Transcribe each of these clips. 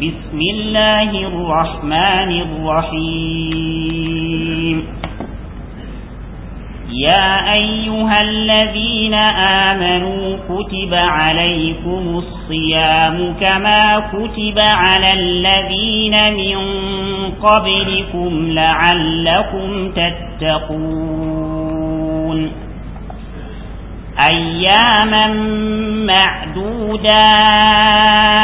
بسم الله الرحمن الرحيم يا أيها الذين آمنوا كتب عليكم الصيام كما كتب على الذين من قبلكم لعلكم تتقون أياما معدودات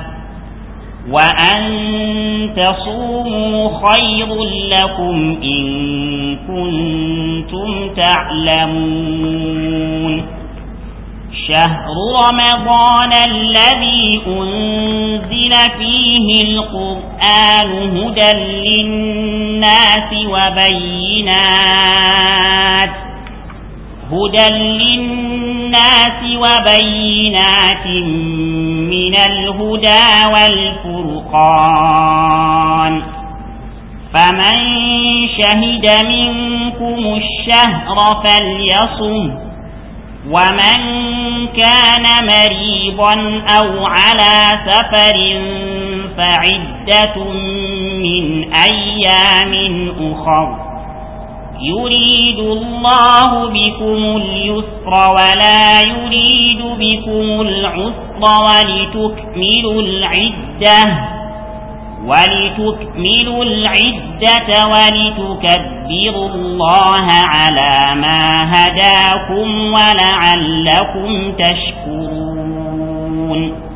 وأن تصوموا خير لكم إن كنتم تعلمون شهر رمضان الذي أنزل فيه القرآن هدى للناس وبينات هدى للناس وبينات من الهدى والفرقان فمن شهد منكم الشهر فليصم ومن كان مريضا أو على سفر فعدة من أيام أخر يريد الله بكم اليسر ولا يريد بكم العسر ولتكملوا العدة ولتكملوا العدة ولتكبروا الله على ما هداكم ولعلكم تشكرون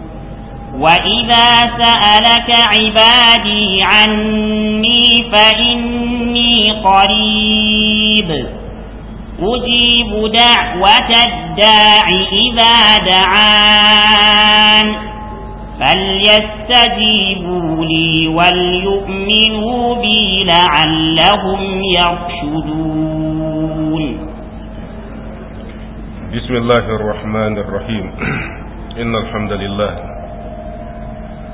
وإذا سألك عبادي عني فإني قريب أجيب دعوة الداع إذا دعان فليستجيبوا لي وليؤمنوا بي لعلهم يرشدون بسم الله الرحمن الرحيم إن الحمد لله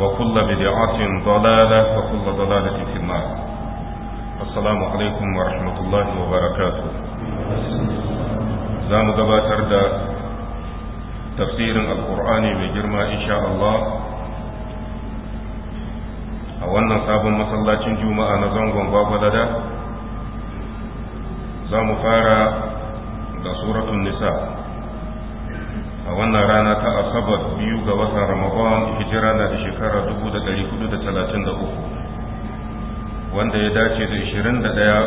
وكل بدعة ضلالة وكل ضلالة في النار السلام عليكم ورحمة الله وبركاته زام gabatar da tafsirin alkur'ani mai girma insha Allah a wannan sabon masallacin juma'a na zangon gwagwalada za mu fara ga suratun nisa a wannan rana ta asabar biyu ga watan ramadan hijira na da shekara 433 wanda ya dace da 21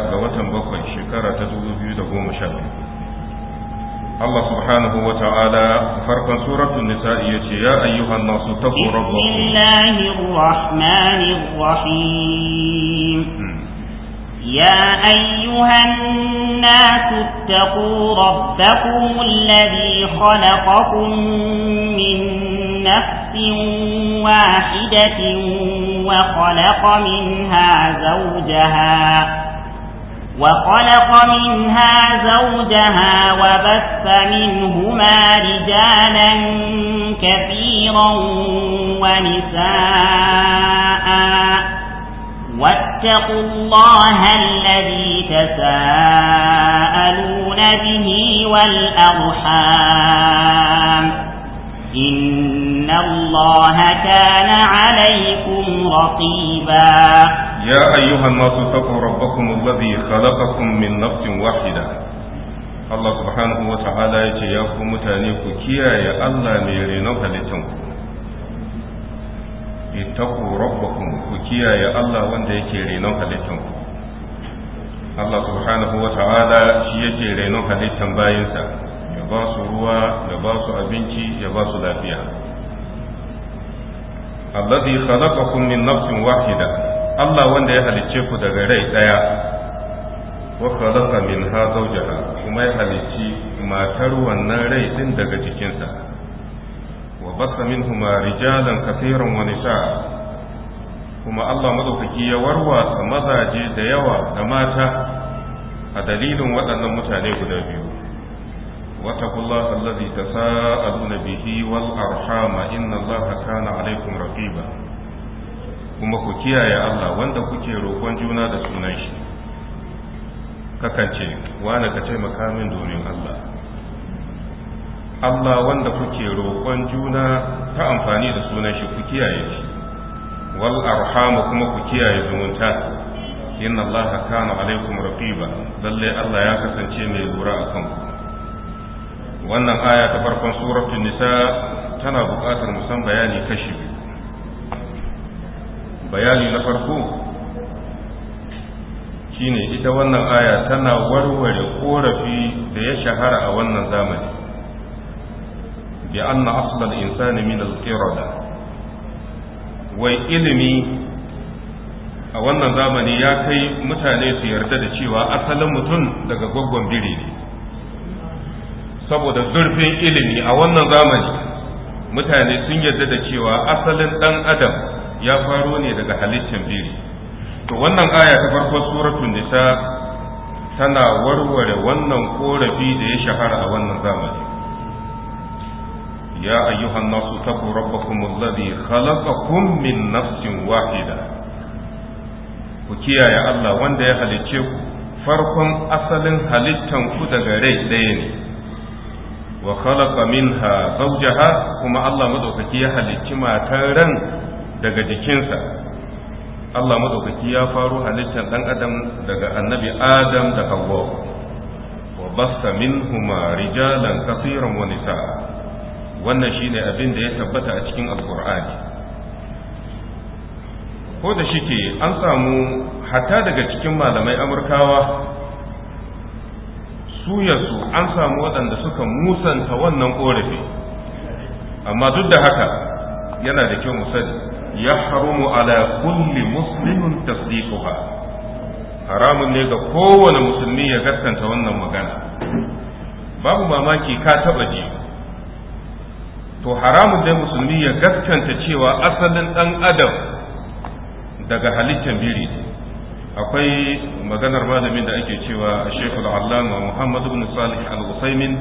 ga watan bakwai shekara ta 2012 Allah subhanahu wa ta'ala farkon suratun nisa'i ya ce ya ayyuhan nasu taku rabbakum Bismillahir Rahmanir Rahim hmm. يا أيها الناس اتقوا ربكم الذي خلقكم من نفس واحدة وخلق منها زوجها وخلق منها زوجها وبث منهما رجالا كثيرا ونساء واتقوا الله الذي تساءلون به والأرحام إن الله كان عليكم رقيبا يا أيها الناس اتقوا ربكم الذي خلقكم من نفس واحدة الله سبحانه وتعالى يتياكم تانيك كيا يا الله ميرينوها لتنكم ittaqu rabbakum ku kiyaye Allah wanda yake renon halittan ku Allah subhanahu wa ta'ala shi yake renon halittan bayinsa ya ba su ruwa ya ba su abinci ya ba su lafiya alladhi khalaqakum min nafsin wahida Allah wanda ya halicce ku daga rai daya wa khalaqa minha zawjaha kuma ya halicci matar wannan rai din daga jikinsa وبث منهما رجالا كثيرا ونساء كما الله مدوكي يوروى مزاجي ديوى دماتا دليل وأن متانيه نبيه واتقوا الله الذي تساءلون به والأرحام إن الله كان عليكم رقيبا kuma ku kiyaye Allah wanda kuke roƙon juna da sunan shi kakance wani ka taimaka min domin Allah Allah wanda kuke roƙon juna ta amfani da sunan shi ku kiyaye shi wal arhamu kuma ku kiyaye zumunta inna Allah kana alaikum raqiba lalle Allah ya kasance mai lura a ku wannan aya ta farkon suratul nisa tana buƙatar musan bayani kashi bayani na farko shine ita wannan aya tana warware korafi da ya shahara a wannan zamani بأن أصل الإنسان من القردة wai ilimi a wannan zamani ya kai mutane su yarda da cewa asalin mutum daga gwaggon biri ne saboda zurfin ilimi a wannan zamani mutane sun yarda da cewa asalin ɗan adam ya faro ne daga halittar biri to wannan aya ta farko suratun nisa tana warware wannan korafi da ya shahara a wannan zamani Ya يا أيها الناس اتقوا ربكم الذي خلقكم من نفس Ku kiyaye Allah wanda ya ده farkon asalin halittan ku daga rai daya ne wa khalaqa minha zawjaha kuma Allah madaukaki ya halicci matan ran daga jikinsa Allah madaukaki ya faro halittan ɗan adam daga annabi adam da hawwa wa basta minhuma rijalan katsiran wa nisa'a wannan shine abin da ya tabbata a cikin alkur'ani ko da shike an samu hatta daga cikin malamai amurkawa su yasu an samu waɗanda suka musanta wannan ƙorafi amma duk da haka yana da kyau musali ya haramu ala kulli muslimin tasdiquha haramun ne ga kowane musulmi ya gaskanta wannan magana babu mamaki ka taɓa ji to haramun dai musulmi ya gaskanta cewa asalin ɗan adam daga halittar biri akwai maganar malamin da ake cewa shekul allama muhammad bin salih al-usaimin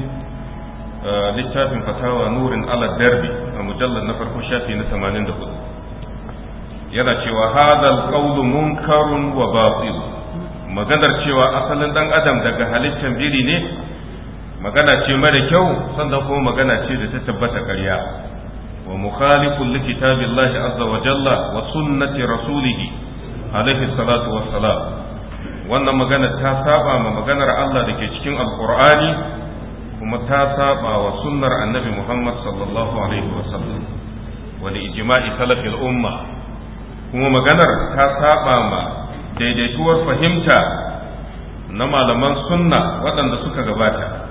uh, littafin fatawa nurin ala darbi a mujallar na farko shafi na 84 yana cewa hadal qawlu munkarun wa batil maganar cewa asalin dan adam daga halittar biri ne magana ce mara kyau sannan kuma magana ce da ta tabbata ƙarya wa mukhalifun li kitabillahi azza wa jalla wa sunnati rasulih alaihi salatu wassalam wannan magana ta saba ma maganar Allah da ke cikin alqur'ani kuma ta saba wa sunnar annabi Muhammad sallallahu alaihi wasallam wa da ijma'i salafil umma kuma maganar ta saba ma daidaituwar fahimta na malaman sunna waɗanda suka gabata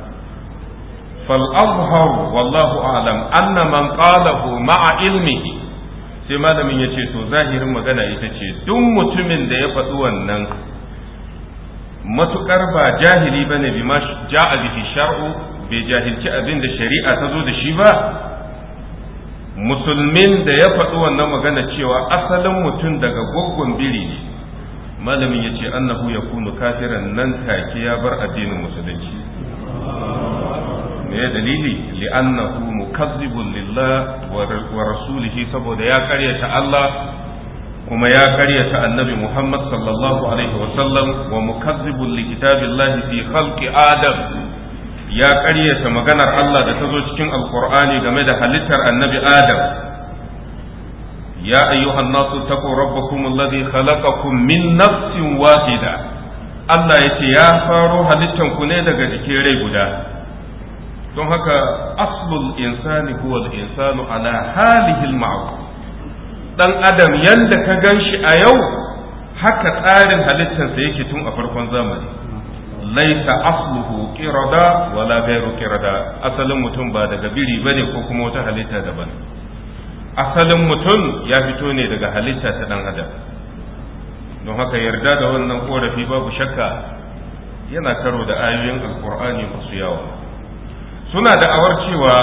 فالأظهر والله أعلم أن من قاله مع علمه sai malamin ya ce to zahirin magana ita ce duk mutumin da ya faɗi wannan matukar ba jahili bane bi ma ja'a bi shar'u bai jahilci abin da shari'a ta zo da shi ba musulmin da ya faɗi wannan magana cewa asalin mutum daga gwaggon biri ne malamin ya ce annahu yakunu kafiran nan take ya bar addinin musulunci me dalili li'annahu mukazzibun lillah wa rasulihi saboda ya karyata Allah kuma ya karyata annabi Muhammad sallallahu alaihi wa sallam wa mukazzibun li kitabillahi fi khalqi adam ya karyata maganar Allah da ta zo cikin alqur'ani game da halittar annabi adam ya ayyuhan nasu taqu rabbakum alladhi khalaqakum min nafsin wahida Allah yace ya faro halittanku ne daga jikin rai guda don haka aslul insani huwa al-insanu ala halihi al-ma'ruf dan adam yanda ka ganshi a yau haka tsarin halittarsa yake tun a farkon zamani laisa asluhu qirada wala ghayru qirada asalin mutum ba daga biri bane ko kuma wata halitta daban asalin mutum ya fito ne daga halitta ta dan adam don haka yarda da wannan korafi babu shakka yana karo da ayoyin alqur'ani masu yawa suna da'awar cewa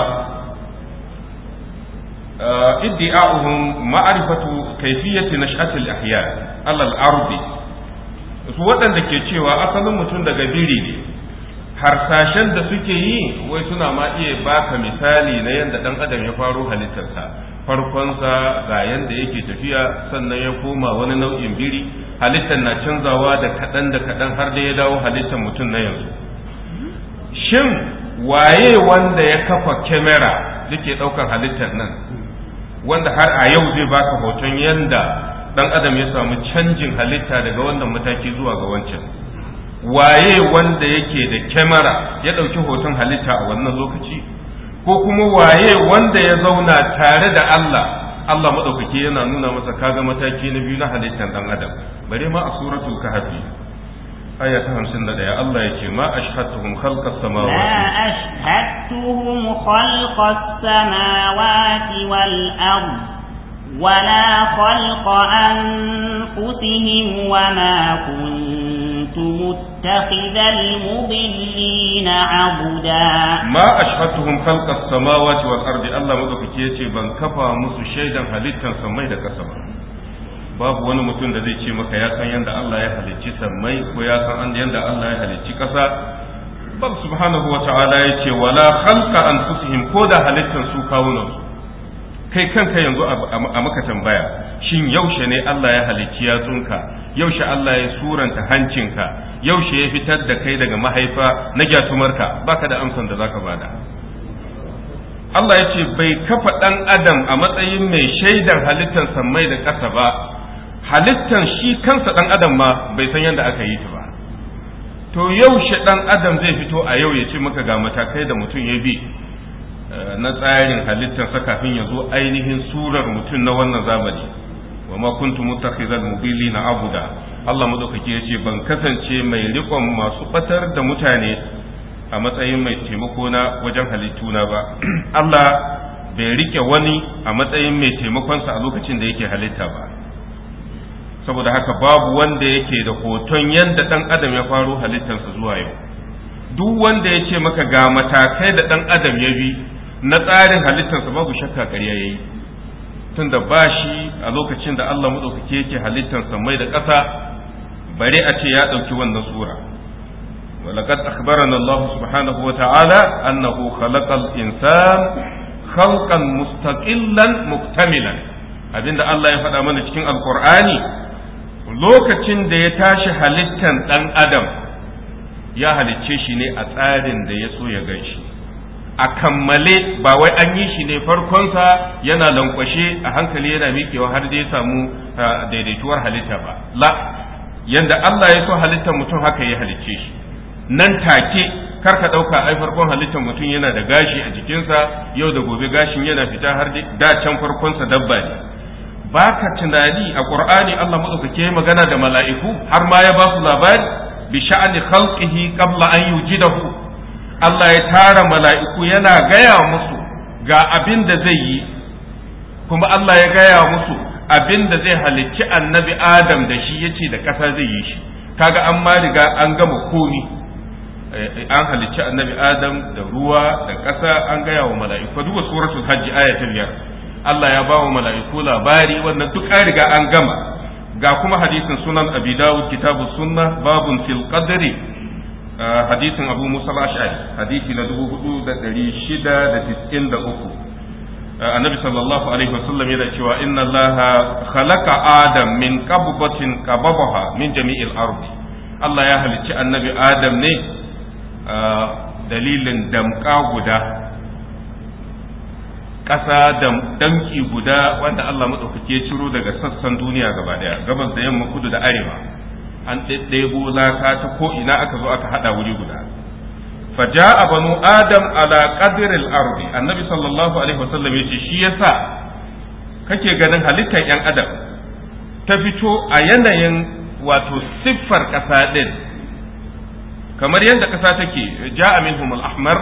uh, iddi'a'uhum ma'rifatu kayfiyati nash'atil ahya alal ardi su waɗanda ke cewa asalin mutum daga biri ne harsashen da suke yi wai suna ma iya baka misali na yadda ɗan adam ya faro halittarsa farkonsa ga yadda yake tafiya sannan ya koma wani nau'in biri halittar na canzawa da kaɗan da kaɗan har da ya dawo halittar mutum na yanzu shin waye wanda ya kafa kyamara yake ɗaukar halittar nan wanda har a yau zai baka hoton yanda dan adam ya samu canjin halitta daga wannan mataki zuwa ga wancan waye wanda yake da kyamara ya ɗauki hoton halitta a wannan lokaci ko kuma waye wanda ya zauna tare da Allah Allah maɗaukaki yana nuna masa kaga mataki na biyu na halittar ɗan adam bare ma a suratul kahfi آية 51 الله يجي ما أشهدتهم خلق السماوات ما أشهدتهم خلق السماوات والأرض ولا خلق أنفسهم وما كنت متخذ المضلين عبدا ما أشهدتهم خلق السماوات والأرض الله مدوك يجي بان كفى مسو شيدا هلتا سميدك سماوات babu wani mutum da zai ce maka ya san yadda Allah ya halicci sammai ko ya san yadda Allah ya halicci ƙasa bal subhanahu wata'ala ya ce wala khalqa anfusihim ko da halittar su kawunan kai kanka yanzu a maka tambaya shin yaushe ne Allah ya halicci yatsunka yaushe Allah ya suranta hancinka yaushe ya fitar da kai daga mahaifa na gyatumarka baka da amsan da zaka bada Allah ya ce bai kafa ɗan adam a matsayin mai shaidar halittar sammai da ƙasa ba Halittar shi kansa ɗan adam ma bai san yadda aka yi ta ba to yaushe ɗan adam zai fito a yau ya ce maka ga matakai da mutum ya bi eh, na tsarin halittarsa kafin ya zo ainihin surar mutum na wannan zamani wa ma kuntu muttakhizal na abuda Allah madaukaki ya ce ban kasance mai rikon masu batar da mutane a matsayin mai taimako na wajen halittuna ba Allah bai rike wani a matsayin mai taimakonsa a lokacin da yake halitta ba saboda haka babu wanda yake da hoton yadda ɗan adam ya faro halittarsa zuwa yau duk wanda ya ce maka ga matakai da ɗan adam ya bi na tsarin halittarsa babu shakka ƙarya ya yi tunda ba shi a lokacin da Allah maɗaukaki yake halittarsa mai da ƙasa bare a ce ya ɗauki wannan sura ولقد أخبرنا الله سبحانه وتعالى أنه خلق الإنسان خلقا مستقلا مكتملا abinda Allah ya faɗa mana cikin alkur'ani lokacin da ya tashi halittan ɗan adam ya halicce shi ne a tsarin da ya so ya gan shi a kammale ba wai an yi shi ne farkonsa yana lankwashe a hankali yana miƙewa har ya samu daidaituwar halitta ba la yanda Allah ya so halittar mutum haka ya halicce shi nan take kar ka ɗauka ai farkon halittar mutum yana da gashi a jikinsa yau da gobe gashin yana fita har da can farkonsa dabba ne Baka tunani a ƙur'ani Allah maɗaukaki ya magana da mala'iku har ma ya ba su labari bi sha'ani khalqihi qabla an yujidahu Allah ya tara mala'iku yana gaya musu ga abin da zai yi kuma Allah ya gaya musu abin da zai halicci annabi Adam da shi yace da ƙasa zai yi shi kaga an ma riga an gama komi eh, eh, an halicci annabi Adam da ruwa da ƙasa an gaya wa mala'iku duka suratul hajji ayatul biyar Allah ya bawa mala'iku labari wannan duk an riga an gama ga kuma hadisin sunan abi dawud kitabu sunna babun fil qadri hadisin abu musa al-ash'ari hadisi na dubu hudu da da da dari shida tisin uku annabi sallallahu alaihi wasallam yana cewa inna allaha khalaqa adam min qabbatin qababaha min jami'il ardi Allah ya halicci annabi adam ne dalilin damka guda ƙasa da danki guda wanda Allah maɗaukaki ya ciro daga sassan duniya gaba daya gabas da yamma kudu da arewa an ɗaiɗaibo laka ta ko ina aka zo aka haɗa wuri guda Fa a banu adam ala qadril ardi annabi sallallahu alaihi wasallam yace shi yasa kake ganin halittar yan adam ta fito a yanayin wato siffar ƙasa ɗin. kamar yadda ƙasa take ja'a minhum al-ahmar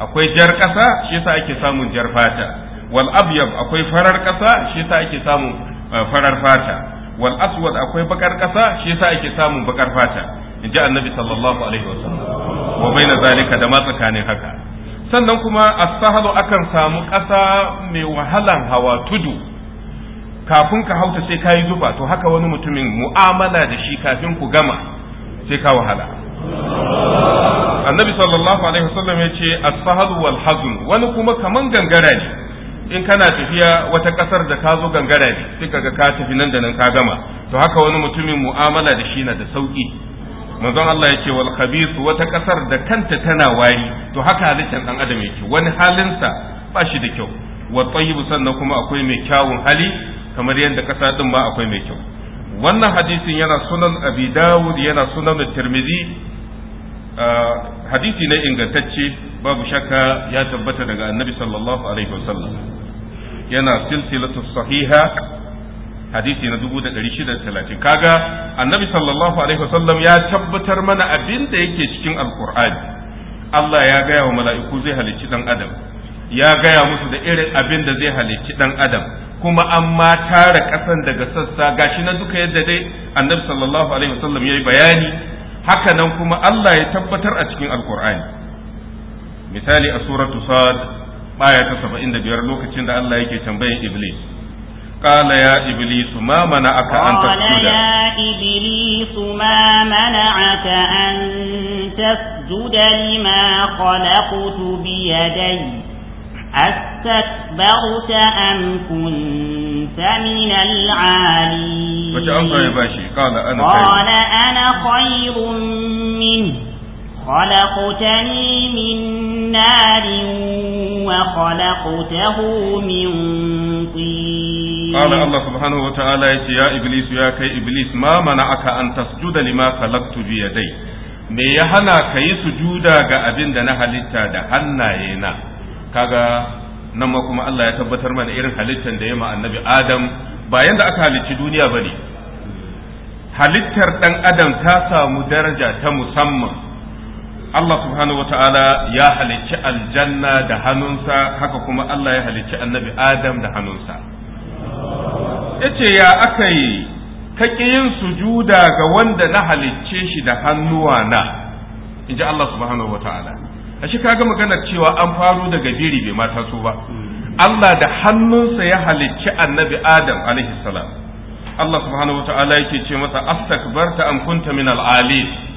akwai jar ƙasa shi yasa ake samun jar fata wal abyad akwai farar ƙasa shi yasa ake samun eh, farar fata wal aswad akwai bakar ƙasa shi yasa ake samun bakar fata inji annabi sallallahu alaihi wasallam wa baina zalika da ma tsakanin haka sannan kuma as-sahalu akan samu ƙasa mai wahalan hawa tudu kafin ka hauta sai kayi zuba to haka wani mutumin mu'amala da shi kafin ku gama sai ka wahala annabi sallallahu alaihi wasallam ya ce as-sahalu wal hazn wani kuma kaman gangara ne in kana tafiya wata kasar da ka zo gangara ne sai kaga ka tafi nan da nan ka gama to haka wani mutumin mu'amala da shi na da sauki manzon Allah ya ce wal khabith wata kasar da kanta tana wari to haka halittar dan adam yake wani halinsa ba shi da kyau wa tayyib sannan kuma akwai mai kyawun hali kamar yadda kasa din ma akwai mai kyau wannan hadisin yana sunan abi dawud yana sunan tirmidhi hadisi ne ingantacce babu shakka ya tabbata daga annabi sallallahu alaihi wasallam yana silsilatu sahiha hadisi na dubu da shida talatin, kaga annabi sallallahu alaihi wasallam ya tabbatar mana abin da yake cikin alqur'ani Allah ya gaya wa mala'iku zai halicci dan adam ya gaya musu da irin abin da zai halicci dan adam kuma an ma tara kasan daga sassa gashi na duka yadda dai annabi sallallahu alaihi wasallam yayi bayani haka nan kuma Allah ya tabbatar a cikin alqur'ani misali a suratu sad aya ta saba'in da biyar lokacin da Allah yake tambayin Iblis. Kala ya Iblis ma mana aka an tasjuda. Kala ya Iblis ma mana aka an tasjuda lima أستكبرت أم كنت من العالين قال أنا خير منه خلقتني من نار وخلقته من طين قال الله سبحانه وتعالى يا إبليس يا كي إبليس ما منعك أن تسجد لما خلقت بيدي me ya hana ka yi sujuda ga abin da na halitta da hannaye na kaga nan ma kuma Allah ya tabbatar mana irin halittar da ya ma annabi Adam ba yanda aka halicci duniya bane halittar dan Adam ta samu daraja ta musamman Allah subhanahu wa ta'ala ya halicci aljanna da hannunsa haka kuma Allah ya halicci annabi Adam da hannunsa. Yace ya aka yi kaƙi yin sujuda ga wanda na halicce shi da hannuwa na, in ji Allah subhanahu wa ta'ala. A shi kaga maganar cewa an faru daga biri bai mata su ba. Allah da hannunsa ya halicci annabi Adam alaihi salam. Allah subhanahu wa ta'ala yake ce masa astakbarta an kunta min al'ali.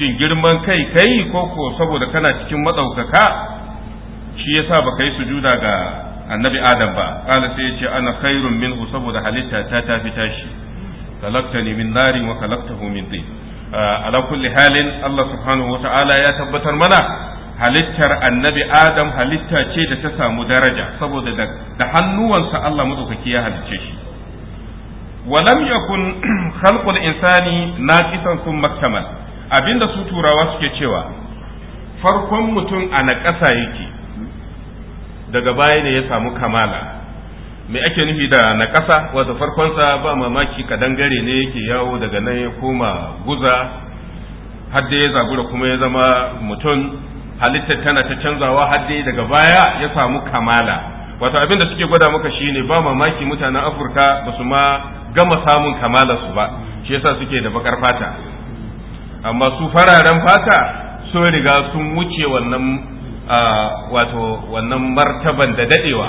shin girman kai kai ko ko saboda kana cikin maɗaukaka shi yasa baka yi sujuda ga annabi adam ba kala sai ya ce ana khairun minhu saboda halitta ta tafi tashi kalaktani min narin wa kalaktahu min din ah, ala kulli halin Allah subhanahu wata'ala ya tabbatar mana halittar annabi adam halitta ce da ta samu daraja saboda da hannuwansa Allah madaukaki ya halicce shi ولم يكن خلق الإنسان ناقصا ثم اكتمل abinda su turawa suke cewa farkon mutum a naƙasa yake daga baya ne ya samu kamala me ake nufi da naƙasa wata farkonsa ba mamaki kadangare ne yake yawo daga nan ya koma guza har da ya da kuma ya zama mutum halittar tana ta canzawa har daga baya ya samu kamala Wata abin da suke gwada maka shine ba mamaki mutanen afirka ba su ma gama samun kamala su ba shi yasa suke da bakar fata amma su fararen fata sun riga sun wuce wannan wato wannan martaban da dadewa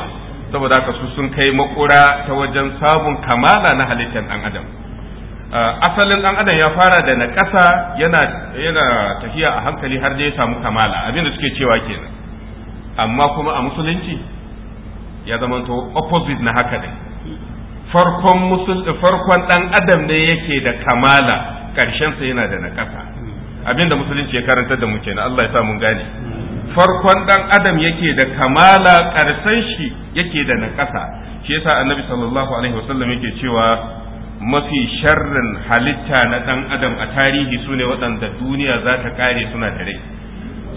saboda haka su sun kai makura ta wajen sabon kamala na halittar dan adam asalin dan adam ya fara da ƙasa, yana yana tafiya a hankali har da ya samu kamala abinda suke cewa kenan amma kuma a musulunci ya to opposite na haka ne farkon farkon dan adam ne yake da kamala ƙarshensa yana da naƙasa hmm. abinda musulunci ya karanta da mu kenan Allah ya sa mun gane hmm. farkon dan adam yake da kamala ƙarshen shi yake da naƙasa shi yasa annabi sallallahu alaihi wasallam yake cewa mafi sharrin halitta na dan adam a tarihi sune waɗanda duniya za ta kare suna da rai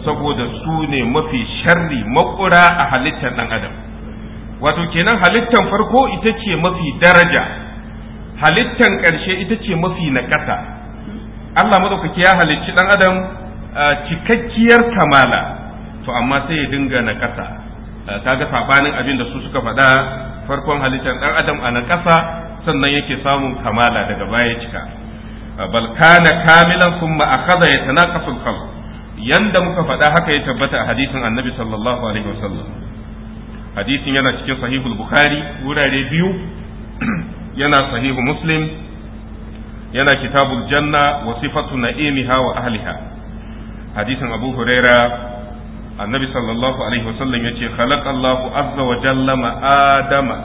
saboda su ne mafi sharri makura a halittar dan adam wato kenan halittar farko ita ce mafi daraja halittar ƙarshe ita ce mafi naƙasa Allah madaukaki ya halicci dan adam cikakkiyar kamala to amma sai ya dinga na ƙasa kaga sabanin abin da su suka faɗa farkon halittar ɗan adam a na ƙasa sannan yake samun kamala daga baya cika bal kana kamilan thumma akhadha yatanaqasu al-khalq yanda muka faɗa haka ya tabbata a hadisin annabi sallallahu alaihi wasallam hadisin yana cikin sahihul bukhari wurare biyu yana sahihu muslim yana kitabul janna wa sifatu na'imiha wa ahliha hadisin abu huraira annabi sallallahu alaihi wasallam yace khalaqallahu azza wa jalla ma adama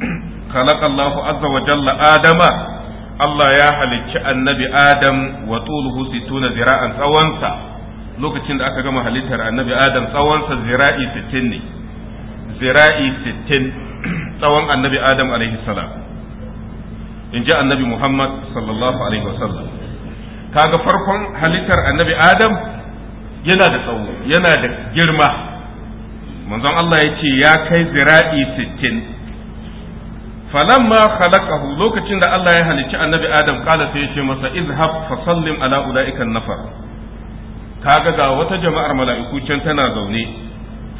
khalaqallahu azza wa jalla adama Allah ya halicci annabi Adam wa tuluhu situna zira'an tsawansa lokacin da aka gama halittar annabi Adam tsawonsa zira'i 60 ne zira'i 60 tsawon annabi Adam alaihi salam in ji annabi Muhammad sallallahu alaihi wasallam kaga farkon halittar annabi Adam yana da tsawo yana da girma manzon Allah ya ce ya kai zira'i sittin falamma khalaqahu lokacin da Allah ya halicci annabi Adam kala sai ya ce masa izhab fa sallim ala nafar kaga ga wata jama'ar mala'iku can tana zaune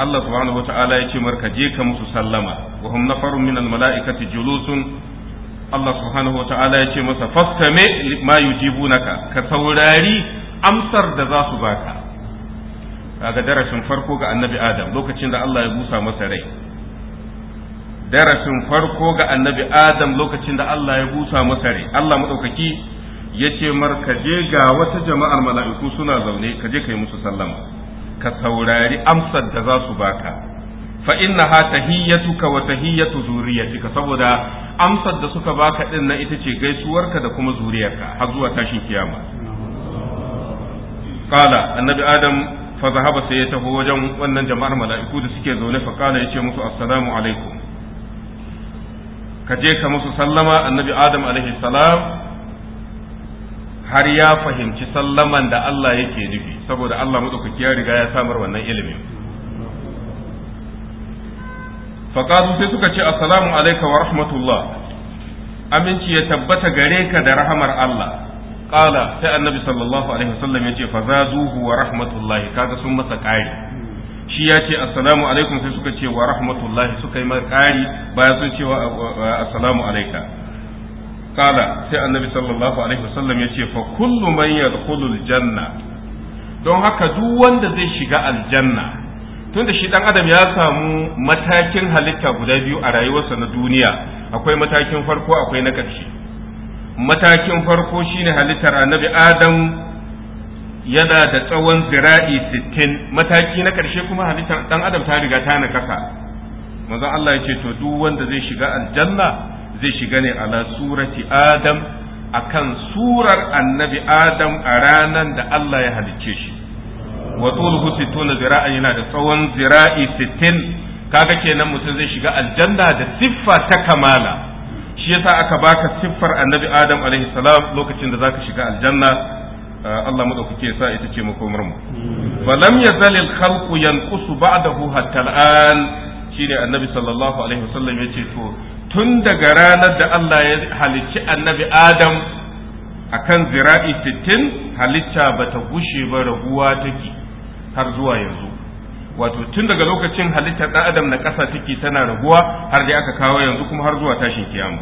Allah subhanahu wata'ala ya ce marka je ka musu sallama wa hum nafarun minal mala'ikati julusun Allah subhanahu wa ta'ala ya ce masa fastame ma yujibunaka ka saurari amsar da za su baka kaga darasin farko ga annabi adam lokacin da Allah ya busa masa rai darasin farko ga annabi adam lokacin da Allah ya busa masa rai Allah madaukaki ya ce mar ka je ga wata jama'ar mala'iku suna zaune ka je ka yi musu sallama ka saurari amsar da za su baka fa innaha tahiyyatuka wa tahiyyatu zuriyatika saboda amsar da suka baka din nan ita ce gaisuwarka da kuma zuriyarka har zuwa tashin kiyama qala annabi adam fa zahaba sai ya taho wajen wannan jama'ar mala'iku da suke zaune fa qala yace musu assalamu alaikum ka je ka musu sallama annabi adam alaihi salam har ya fahimci sallaman da Allah yake nufi saboda Allah madaukaki ya riga ya samar wannan ilimin faƙazu sai suka ce assalamu alaika wa rahmatullah aminci ya tabbata gare ka da rahamar Allah ƙala sai annabi sallallahu alaihi wasallam ya ce wa rahmatullahi kaga sun masa ƙari shi ya ce assalamu alaikum sai suka ce wa rahmatullahi suka yi ƙari bayan sun ce assalamu alaika ƙala sai annabi sallallahu alaihi wasallam ya ce fa kullu man yadkhulul janna don haka duk wanda zai shiga aljanna tunda shi dan adam ya samu matakin halitta guda biyu a rayuwarsa na duniya akwai matakin farko akwai na ƙarshe matakin farko shine halittar annabi adam yana da tsawon zira'i sittin mataki na ƙarshe kuma halittar dan adam ta riga ta na kasa manzon Allah ya ce to duk wanda zai shiga aljanna zai shiga ne ala surati adam akan surar annabi adam a ranan da Allah ya halicce shi wa tuluhu 60 zira'an yana da tsawon zira'i 60 kaga kenan mutum zai shiga aljanna da siffa ta kamala shi yasa aka baka siffar annabi adam alaihi salam lokacin da zaka shiga aljanna uh, Allah madaukake sa ita ce makomar mu falam yazal al khalqu yanqusu ba'dahu hatta al an shine annabi sallallahu alaihi wasallam yace to tun daga ranar da Allah ya halicci annabi adam akan zira'i 60 halitta bata gushe ba raguwa take har zuwa yanzu wato tun daga lokacin halittar ɗan adam na ƙasa take tana raguwa har dai aka kawo yanzu kuma har zuwa tashin kiyama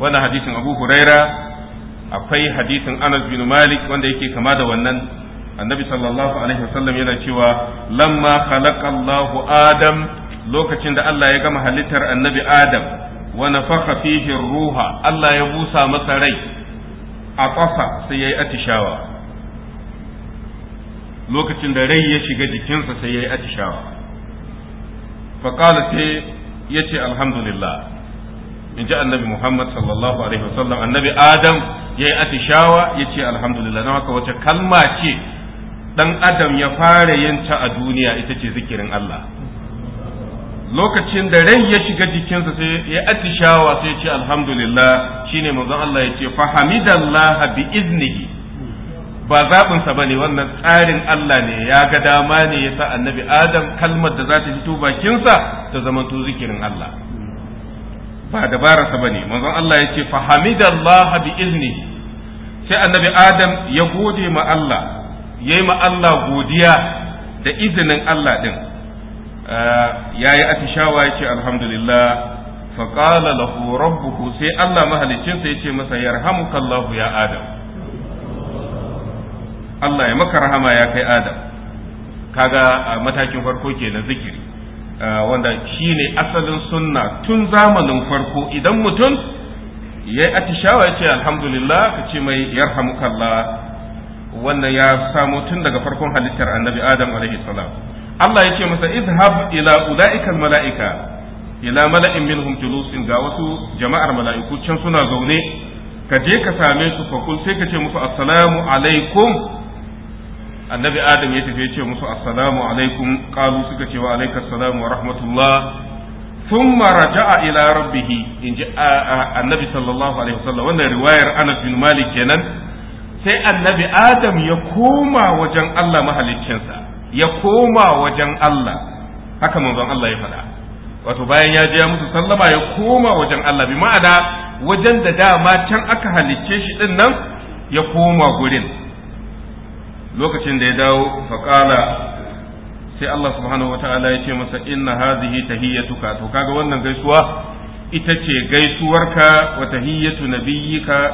wannan hadisin abu huraira akwai hadisin anas bin malik wanda yake kama da wannan annabi sallallahu alaihi wasallam yana cewa lamma khalaqa adam lokacin da allah ya gama halittar annabi adam wa nafakha fihi ruha allah ya busa masa rai a ƙasa sai yayi atishawa lokacin da rai ya shiga jikinsa sai ya yi atishawa faƙala sai ya ce alhamdulillah in ji annabi muhammad sallallahu alaihi wasallam annabi adam ya yi atishawa ya ce alhamdulillah na haka wace kalma ce ɗan adam ya fara yin ta a duniya ita ce zikirin allah lokacin da rai ya shiga jikinsa sai ya atishawa sai ya ce alhamdulillah shine manzon allah ya ce fa fahamidallaha bi iznihi ba zaɓinsa ba ne wannan tsarin Allah ne ya ga dama ne ya sa annabi Adam kalmar da za ta fito bakinsa ta zamanto zikirin Allah ba dabararsa ba ne manzon Allah ya ce fahamidallaha bi izni sai annabi Adam ya gode ma Allah ya yi ma Allah godiya da izinin Allah ɗin eh, ya yi atishawa ya ce alhamdulillah faƙala lahu rabbuhu sai Allah mahaliccinsa ya ce masa yarhamukallahu ya Adam Allah ya maka rahama ya kai Adam kaga a matakin farko ke na zikiri wanda shine asalin sunna tun zamanin farko idan mutum ya yi atishawa ya ce alhamdulillah ka ce mai yarhamukallah wannan ya samo tun daga farkon halittar annabi Adam alaihi salam Allah ya ce masa izhab ila ula'ikal mala'ika ila mala'in minhum julusin ga wasu jama'ar mala'iku can suna zaune ka je ka same su fa sai ka ce musu assalamu alaikum annabi adam ya tafi ce musu assalamu alaikum qalu suka ce wa alaikas salam wa rahmatullah thumma raja'a ila rabbih inji annabi sallallahu alaihi wasallam wannan riwayar Anas bin Malik kenan sai annabi adam ya koma wajen Allah mahaliccinsa ya koma wajen Allah haka manzon Allah ya faɗa wato bayan ya je ya musu sallama ya koma wajen Allah bi ma'ana wajen da dama can aka halicce shi din nan ya koma gurin lokacin da ya dawo faƙala sai Allah subhanahu wata'ala ya ce masa inna hadhihi tahiyyatuka to kaga wannan gaisuwa ita ce gaisuwarka wa tahiyyatu nabiyyika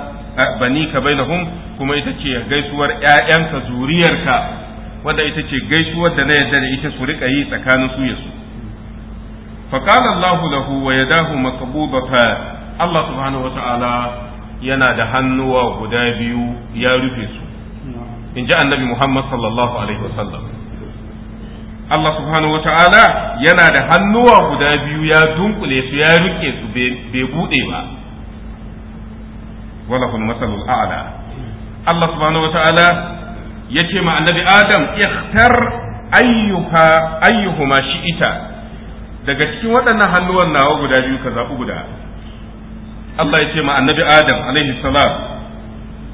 banika bainahum kuma ita ce gaisuwar ƴaƴanka zuriyarka wanda ita ce gaisuwar da na yarda da ita su rika yi tsakanin su yasu faqala Allah lahu wa yadahu maqbubatan Allah subhanahu wata'ala yana da hannuwa guda biyu ya rufe su in ji annabi Muhammad sallallahu alaihi wasallam Allah subhanahu wa ta'ala yana da hannuwa guda biyu ya dunkule su ya rike su bai bude ba walahul masalul a'la Allah subhanahu wa ta'ala yace ma annabi Adam ikhtar ayyuha ayyuhuma shi'ita daga cikin waɗannan hannuwan nawa guda biyu ka zaɓi guda Allah ya ce ma annabi Adam alaihi salam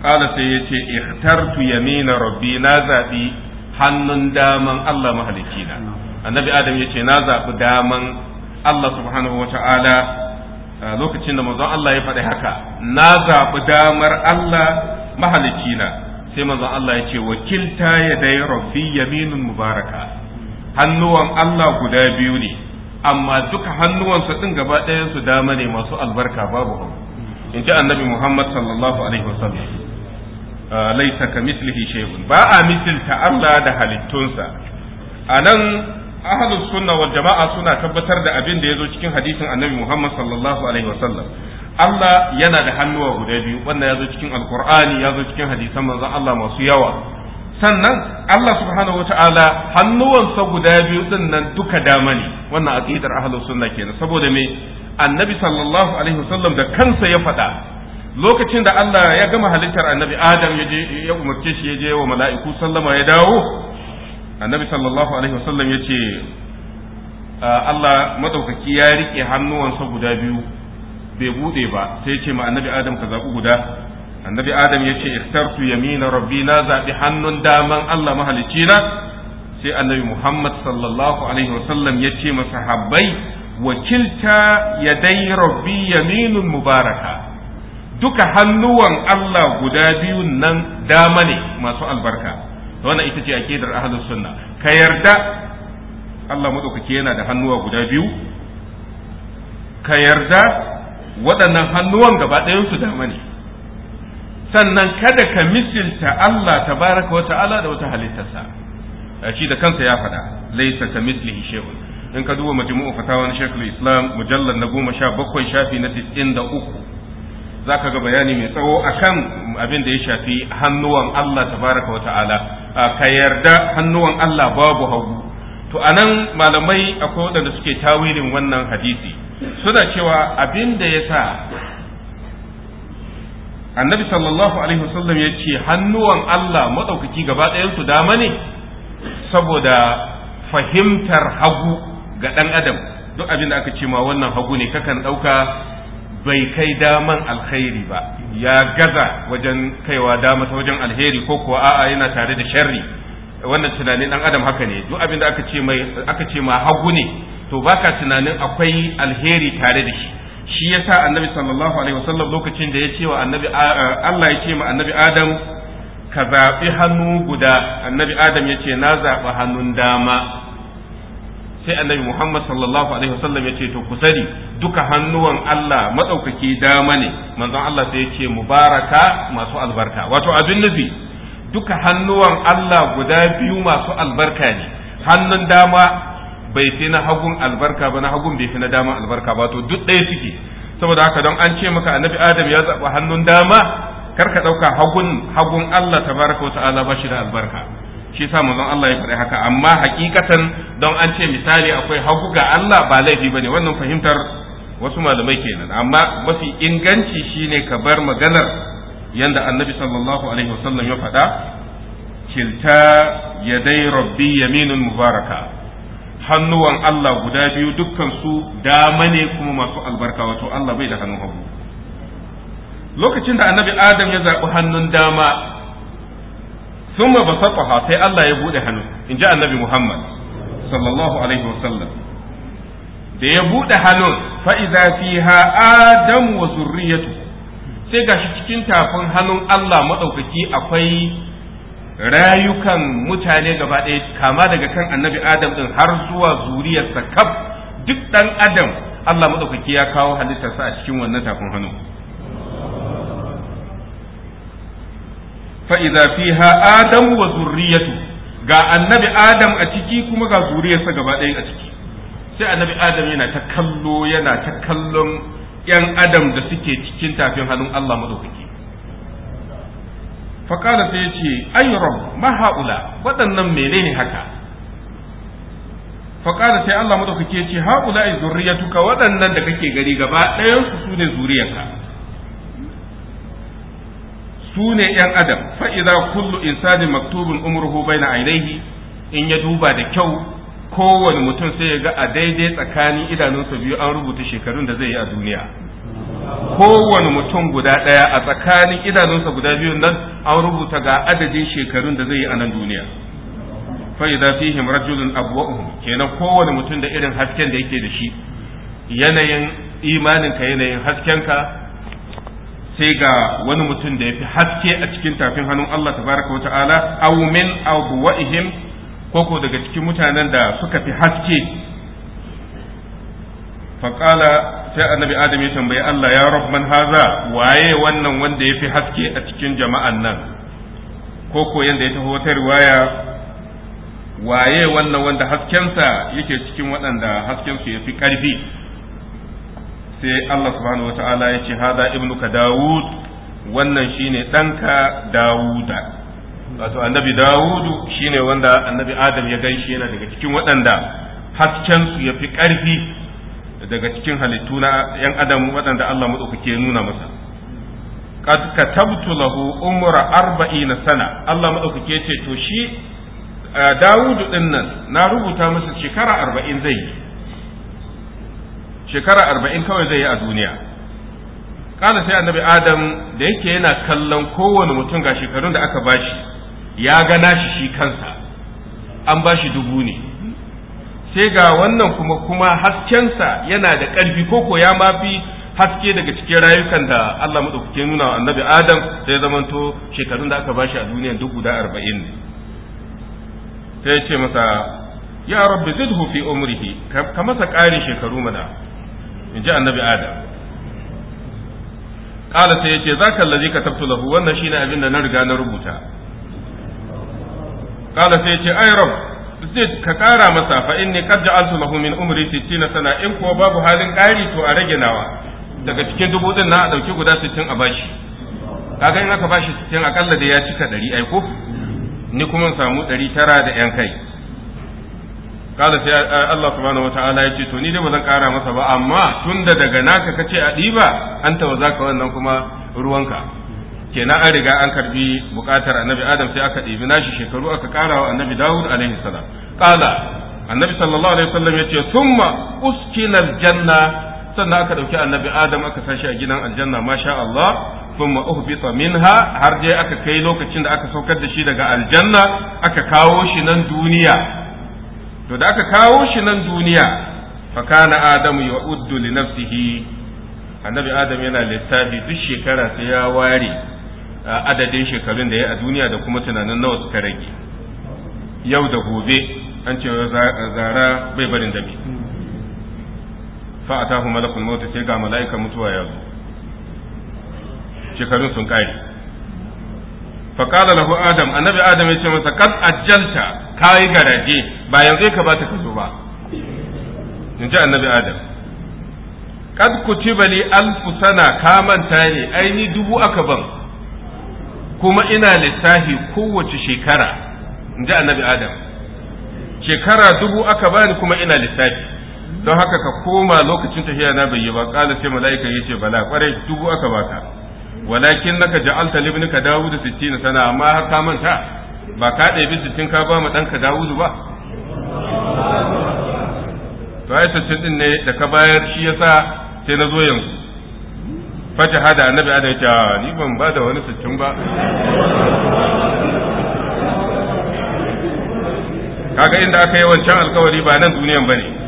kala sai ya ce ikhtartu yamina rabbi na zaɓi hannun daman Allah mahalicina annabi Adamu ya ce na zaɓi daman Allah subhanahu wa ta'ala lokacin da manzon Allah ya faɗi haka na zaɓi damar Allah na sai manzon Allah ya ce wakilta ya dai rabbi yaminun mubaraka hannuwan Allah guda biyu ne amma duka hannuwansa ɗin gaba ɗayansu dama ne masu albarka babu hau in annabi Muhammad sallallahu alaihi wasallam laisa ka mislihi shay'un ba a misilta Allah da halittunsa anan ahlus sunna wal jama'a suna tabbatar da abin da yazo cikin hadisin annabi Muhammad sallallahu alaihi wasallam Allah yana da hannuwa guda biyu wannan yazo cikin alqur'ani yazo cikin hadisan manzon Allah masu yawa sannan Allah subhanahu wataala hannuwansa guda biyu din nan duka dama ne wannan aqidar ahlus sunna kenan saboda me annabi sallallahu alaihi wasallam da kansa ya faɗa lokacin da Allah ya gama halittar annabi Adam ya je ya umarce shi ya je wa mala'iku sallama ya dawo annabi sallallahu alaihi wasallam ya ce Allah madaukaki ya rike hannuwansa guda biyu bai bude ba sai ce ma annabi Adam ka zaɓi guda annabi Adam ya ce ikhtartu yamina rabbi na zaɓi hannun daman Allah mahalicci na sai annabi Muhammad sallallahu alaihi wasallam ya ce masa habbai wakilta yadai rabbi yaminun mubaraka duka hannuwan Allah guda biyun nan dama ne masu albarka wannan ita ce akidar ahlus sunna ka yarda Allah ke yana da hannuwa guda biyu ka yarda waɗannan hannuwan gaba ɗayan su dama ne sannan kada ka misilta Allah tabaraka wa ta'ala da wata halittarsa shi da kansa ya faɗa laysa ka mislihi shay'un in ka duba majmu'u fatawa na Islam mujallal na 17 shafi na 93 za ka ga bayani mai tsawo a kan abin da ya shafi hannuwan Allah tabaraka wa ta'ala ka yarda hannuwan Allah babu hagu to anan malamai akwai waɗanda suke tawilin wannan hadisi suna cewa abin da ya sa annabi sallallahu alaihi wasallam ya ce hannuwan Allah maɗaukaki gaba ɗayansu dama ne saboda fahimtar hagu ga ɗan adam duk abin da aka ce ma wannan hagu ne kakan ɗauka bai kai daman alkhairi ba ya gaza wajen kaiwa dama ta wajen alheri ko kuwa a'a yana tare da sharri wannan tunanin dan adam haka ne duk abin da aka ce mai aka ce ma hagu ne to baka tunanin akwai alheri tare da shi shi yasa annabi sallallahu alaihi wasallam lokacin da ya ce wa annabi Allah ya ce ma annabi Adam ka zaɓi hannu guda annabi Adam ya ce na zaɓi hannun dama sai annabi Muhammad sallallahu alaihi wasallam yace to ku sani duka hannuwan Allah matsaukaki dama ne manzon Allah sai ce mubaraka masu albarka wato abin nufi duka hannuwan Allah guda biyu masu albarka ne hannun dama bai fi na hagun albarka ba na hagun bai fi na dama albarka ba to duk ɗaya suke saboda haka don an ce maka annabi Adam ya zaɓi hannun dama kar ka ɗauka hagun hagun Allah tabaraka wa ta'ala ba shi da albarka shi sa manzon Allah ya faɗi haka amma hakikatan don an ce misali akwai hagu ga Allah ba laifi bane wannan fahimtar wasu malamai kenan amma mafi inganci shine ka bar maganar yanda annabi sallallahu alaihi wasallam ya faɗa kilta yadai rabbi yaminun mubaraka hannuwan Allah guda biyu dukkan su dama ne kuma masu albarka wato Allah bai da hannun hagu lokacin da annabi adam ya zaɓi hannun dama sun ba sai Allah ya buɗe hannu in ji annabi Muhammad sallallahu alaihi sallam. da ya buɗe hannun. fa'iza fiha adam wa zurriyatu sai shi cikin tafin hannun Allah maɗaukaki akwai rayukan mutane gaba ɗaya kama daga kan annabi adam ɗin har zuwa zuriyarsa kaf duk ɗan adam Allah maɗaukaki ya kawo halittarsa a cikin wannan tafin hannu fa'iza fiha adam wa zurriyatu ga annabi adam a ciki kuma ga zuriyarsa gaba ɗaya a ciki sai annabi adam yana ta kallo yana ta kallon yan adam da suke cikin tafin hannun Allah madaukaki faƙala sai ya ce ai maha'ula ma haula waɗannan menene haka faƙala sai Allah madaukaki ya ce haula ai zurriyatuka waɗannan da kake gari gaba ɗayan su sune zuriyarka su ne ‘yan adam fa'iza kullu insanin maktubin umruhu baina ainihi in ya duba da kyau kowane mutum sai ya ga a daidai tsakanin idanunsa biyu an rubuta shekarun da zai yi a duniya kowane mutum guda ɗaya a tsakanin idanunsa guda biyu nan an rubuta ga adadin shekarun da zai yi a nan duniya fa'iza fihim rajulun abuwa'uhum kenan kowane mutum da irin hasken da yake da shi yanayin imaninka yanayin haskenka sai ga wani mutum da ya fi haske a cikin tafin hannun Allah tabaraka wata'ala aw min awduwa'ihim koko daga cikin mutanen da suka fi haske Faƙala sai annabi adam ya tambayi Allah ya rab man haza waye wannan wanda ya fi haske a cikin jama'an nan koko yanda ya taho wata riwaya waye wannan wanda haskensa yake cikin waɗanda haskensu ya fi ƙarfi sai Allah subhanahu wata'ala ya ce haza ibnuka Dawud wannan shine ɗanka Dawuda wato annabi Dawudu shine wanda annabi Adam ya gaishe yana daga cikin waɗanda hasken su yafi ƙarfi daga cikin halittu na ‘yan adam waɗanda Allah maɗaukake nuna masa. qad katabtu lahu umra arba'ina sana Allah maɗaukake ce to shi Dawudu ɗin na rubuta masa shekara arba'in zai yi shekara arba'in kawai zai yi a duniya kala sai annabi adam da yake yana kallon kowane mutum ga shekarun da aka bashi ya gana shi shi kansa an bashi dubu ne sai ga wannan kuma kuma haskensa yana da ƙarfi koko ya mafi haske daga cikin rayukan da Allah maɗaukake nuna wa annabi Adam sai zamanto shekarun da aka bashi a duniya duk guda arba'in ne sai ce masa ya rabbi zidhu fi umrihi ka masa ƙarin shekaru mana in ji annabi adam ƙala sai ya ce za ka lazi ka tabtu lahu wannan shine abin da na riga na rubuta ƙala sai ya ce ai rab zid ka ƙara masa fa inni qad ja'altu lahu min umri 60 sana in kuwa babu halin ƙari to a rage nawa daga cikin dubu din na a dauki guda 60 a bashi kaga in aka bashi 60 akalla da ya cika ɗari ai ko ni kuma samu ɗari tara da yan kai kala sai eh, eh, Allah subhanahu wataala ya ce to ni dai bazan kara masa ba amma tunda daga naka kace a diba an tawa zaka wannan kuma ruwanka kenan an riga an karbi bukatar annabi adam sai aka dibi nashi shekaru aka kara wa annabi dawud alaihi salam kala annabi sallallahu alaihi wasallam ya ce thumma uskina aljanna sannan aka ɗauki annabi adam aka sashi a gidan aljanna masha Allah thumma uhbita minha har dai aka kai lokacin da aka saukar da shi daga aljanna aka kawo shi nan duniya to da aka kawo shi nan duniya na adamu ya uddu li nafsihi annabi adam yana littafi duk shekara sai ya ware adadin shekarun da ya a duniya da kuma tunanin nawa suka rage yau da gobe an ce zara bai barin fa atahu malakul maut sai ga mala'ika mutuwa ya zo shekarun sun kare fa qala lahu adam annabi adam ya ce masa kad ajjalta kai garaje ba yanzu ka ba ta kazo ba in ji annabi adam kad kutiba li sana ka manta ne aini dubu aka ban kuma ina lissafi kowace shekara in ji annabi adam shekara dubu aka bani kuma ina lissafi don haka ka koma lokacin tafiya na bai yi ba kala sai mala'ika yace ce bala kwarai dubu aka baka walakin naka ja'alta ka dawudu 60 sana amma har ka manta ba ka bi sittin ka ba mu ɗanka dawudu ba to ai 60 din ne da ka bayar shi yasa sai na zo yanzu fata hada annabi adam ya ah, ni ban ba da wani sittin ba kaga inda aka yi wancan alkawari ba nan duniyan bane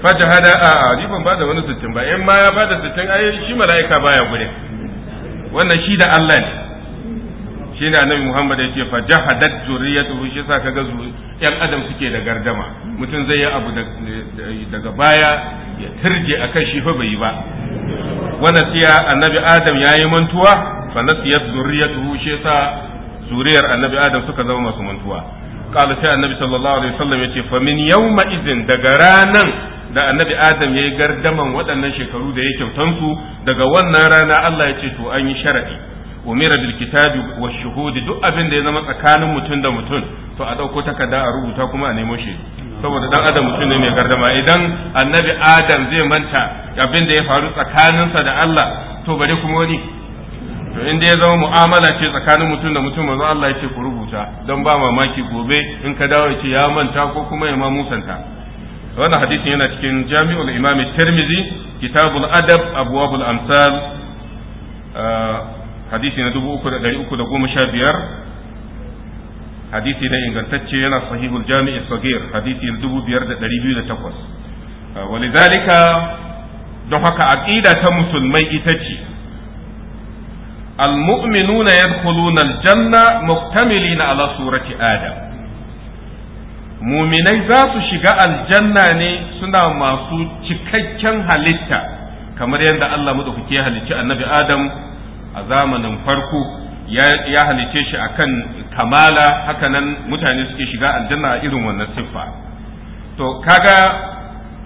fajahada a ni ban bada wani sittin ba in ma ya bada sittin ai shi mala'ika baya gure wannan shi da Allah ne shi ne annabi Muhammad yake fajahadat zuriyatuhu shi sa kaga yan adam suke da gardama mutum zai yi abu daga baya ya turje akan shi fa bai yi ba wannan sai annabi Adam yayi mantuwa fa nasiyat zuriyatuhu shi sa zuriyar annabi Adam suka zama masu mantuwa قال النبي صلى الله عليه وسلم يتي فمن يومئذ دقرانا da annabi adam ya yi gardaman waɗannan shekaru da ya kyautansu daga wannan rana Allah ya ce to an yi sharaɗi umira bil kitabi wa shuhudi duk abin da ya zama tsakanin mutum da mutum to a ɗauko takarda a rubuta kuma a nemo shi saboda dan adam mutum ne mai gardama idan annabi adam zai manta abin da ya faru tsakaninsa da Allah to bare kuma wani to inda ya zama mu'amala ce tsakanin mutum da mutum manzo Allah ya ce ku rubuta don ba mamaki gobe in ka dawo ya ce ya manta ko kuma ya ma musanta wannan hadisin yana cikin jami'ul imam tirmizi kitabul adab abwabul amsal uh, hadisi na 3315 hadisi na ingantacce yana sahihul jami'i sagir hadisi na 5208 uh, walidhalika don haka aqida ta musulmai ita ce المؤمنون يدخلون الجنة مكتملين على صورة آدم muminai za su shiga aljanna ne suna masu cikakken halitta kamar yadda Allah madaukaki ya halicci annabi Adam a zamanin farko ya halicce shi akan kamala hakanan mutane suke shiga aljanna a irin wannan siffa to kaga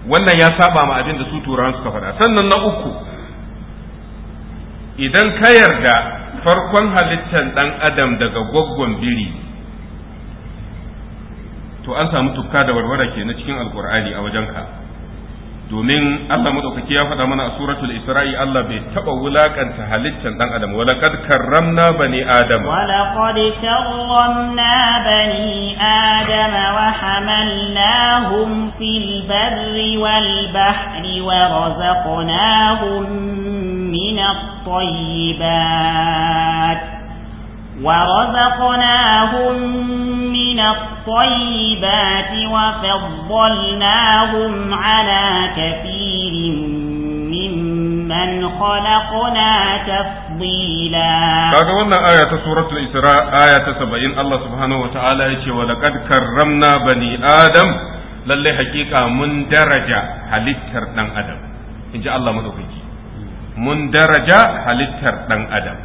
wannan ya saba ma abin da su turawan suka faɗa sannan na uku idan ka yarda farkon halittar ɗan adam daga gwaggon biri to an samu tukka da warwara ke na cikin alkur'ani a wajenka domin Allah madaukaki ya faɗa mana a suratul isra'i Allah bai taɓa wulakanta halittar ɗan adam wala kad karramna bani adam wala qad karramna bani adam wa hamalnahum fil barri wal bahri wa razaqnahum min at-tayyibat ورزقناهم من الطيبات وفضلناهم على كثير ممن خلقنا تفضيلا kaga wannan aya ta suratul isra aya ta 70 Allah subhanahu wataala yace wa laqad karramna bani adam lalle hakika mun daraja halittar ɗan adam inji Allah madaukaki mun daraja halittar adam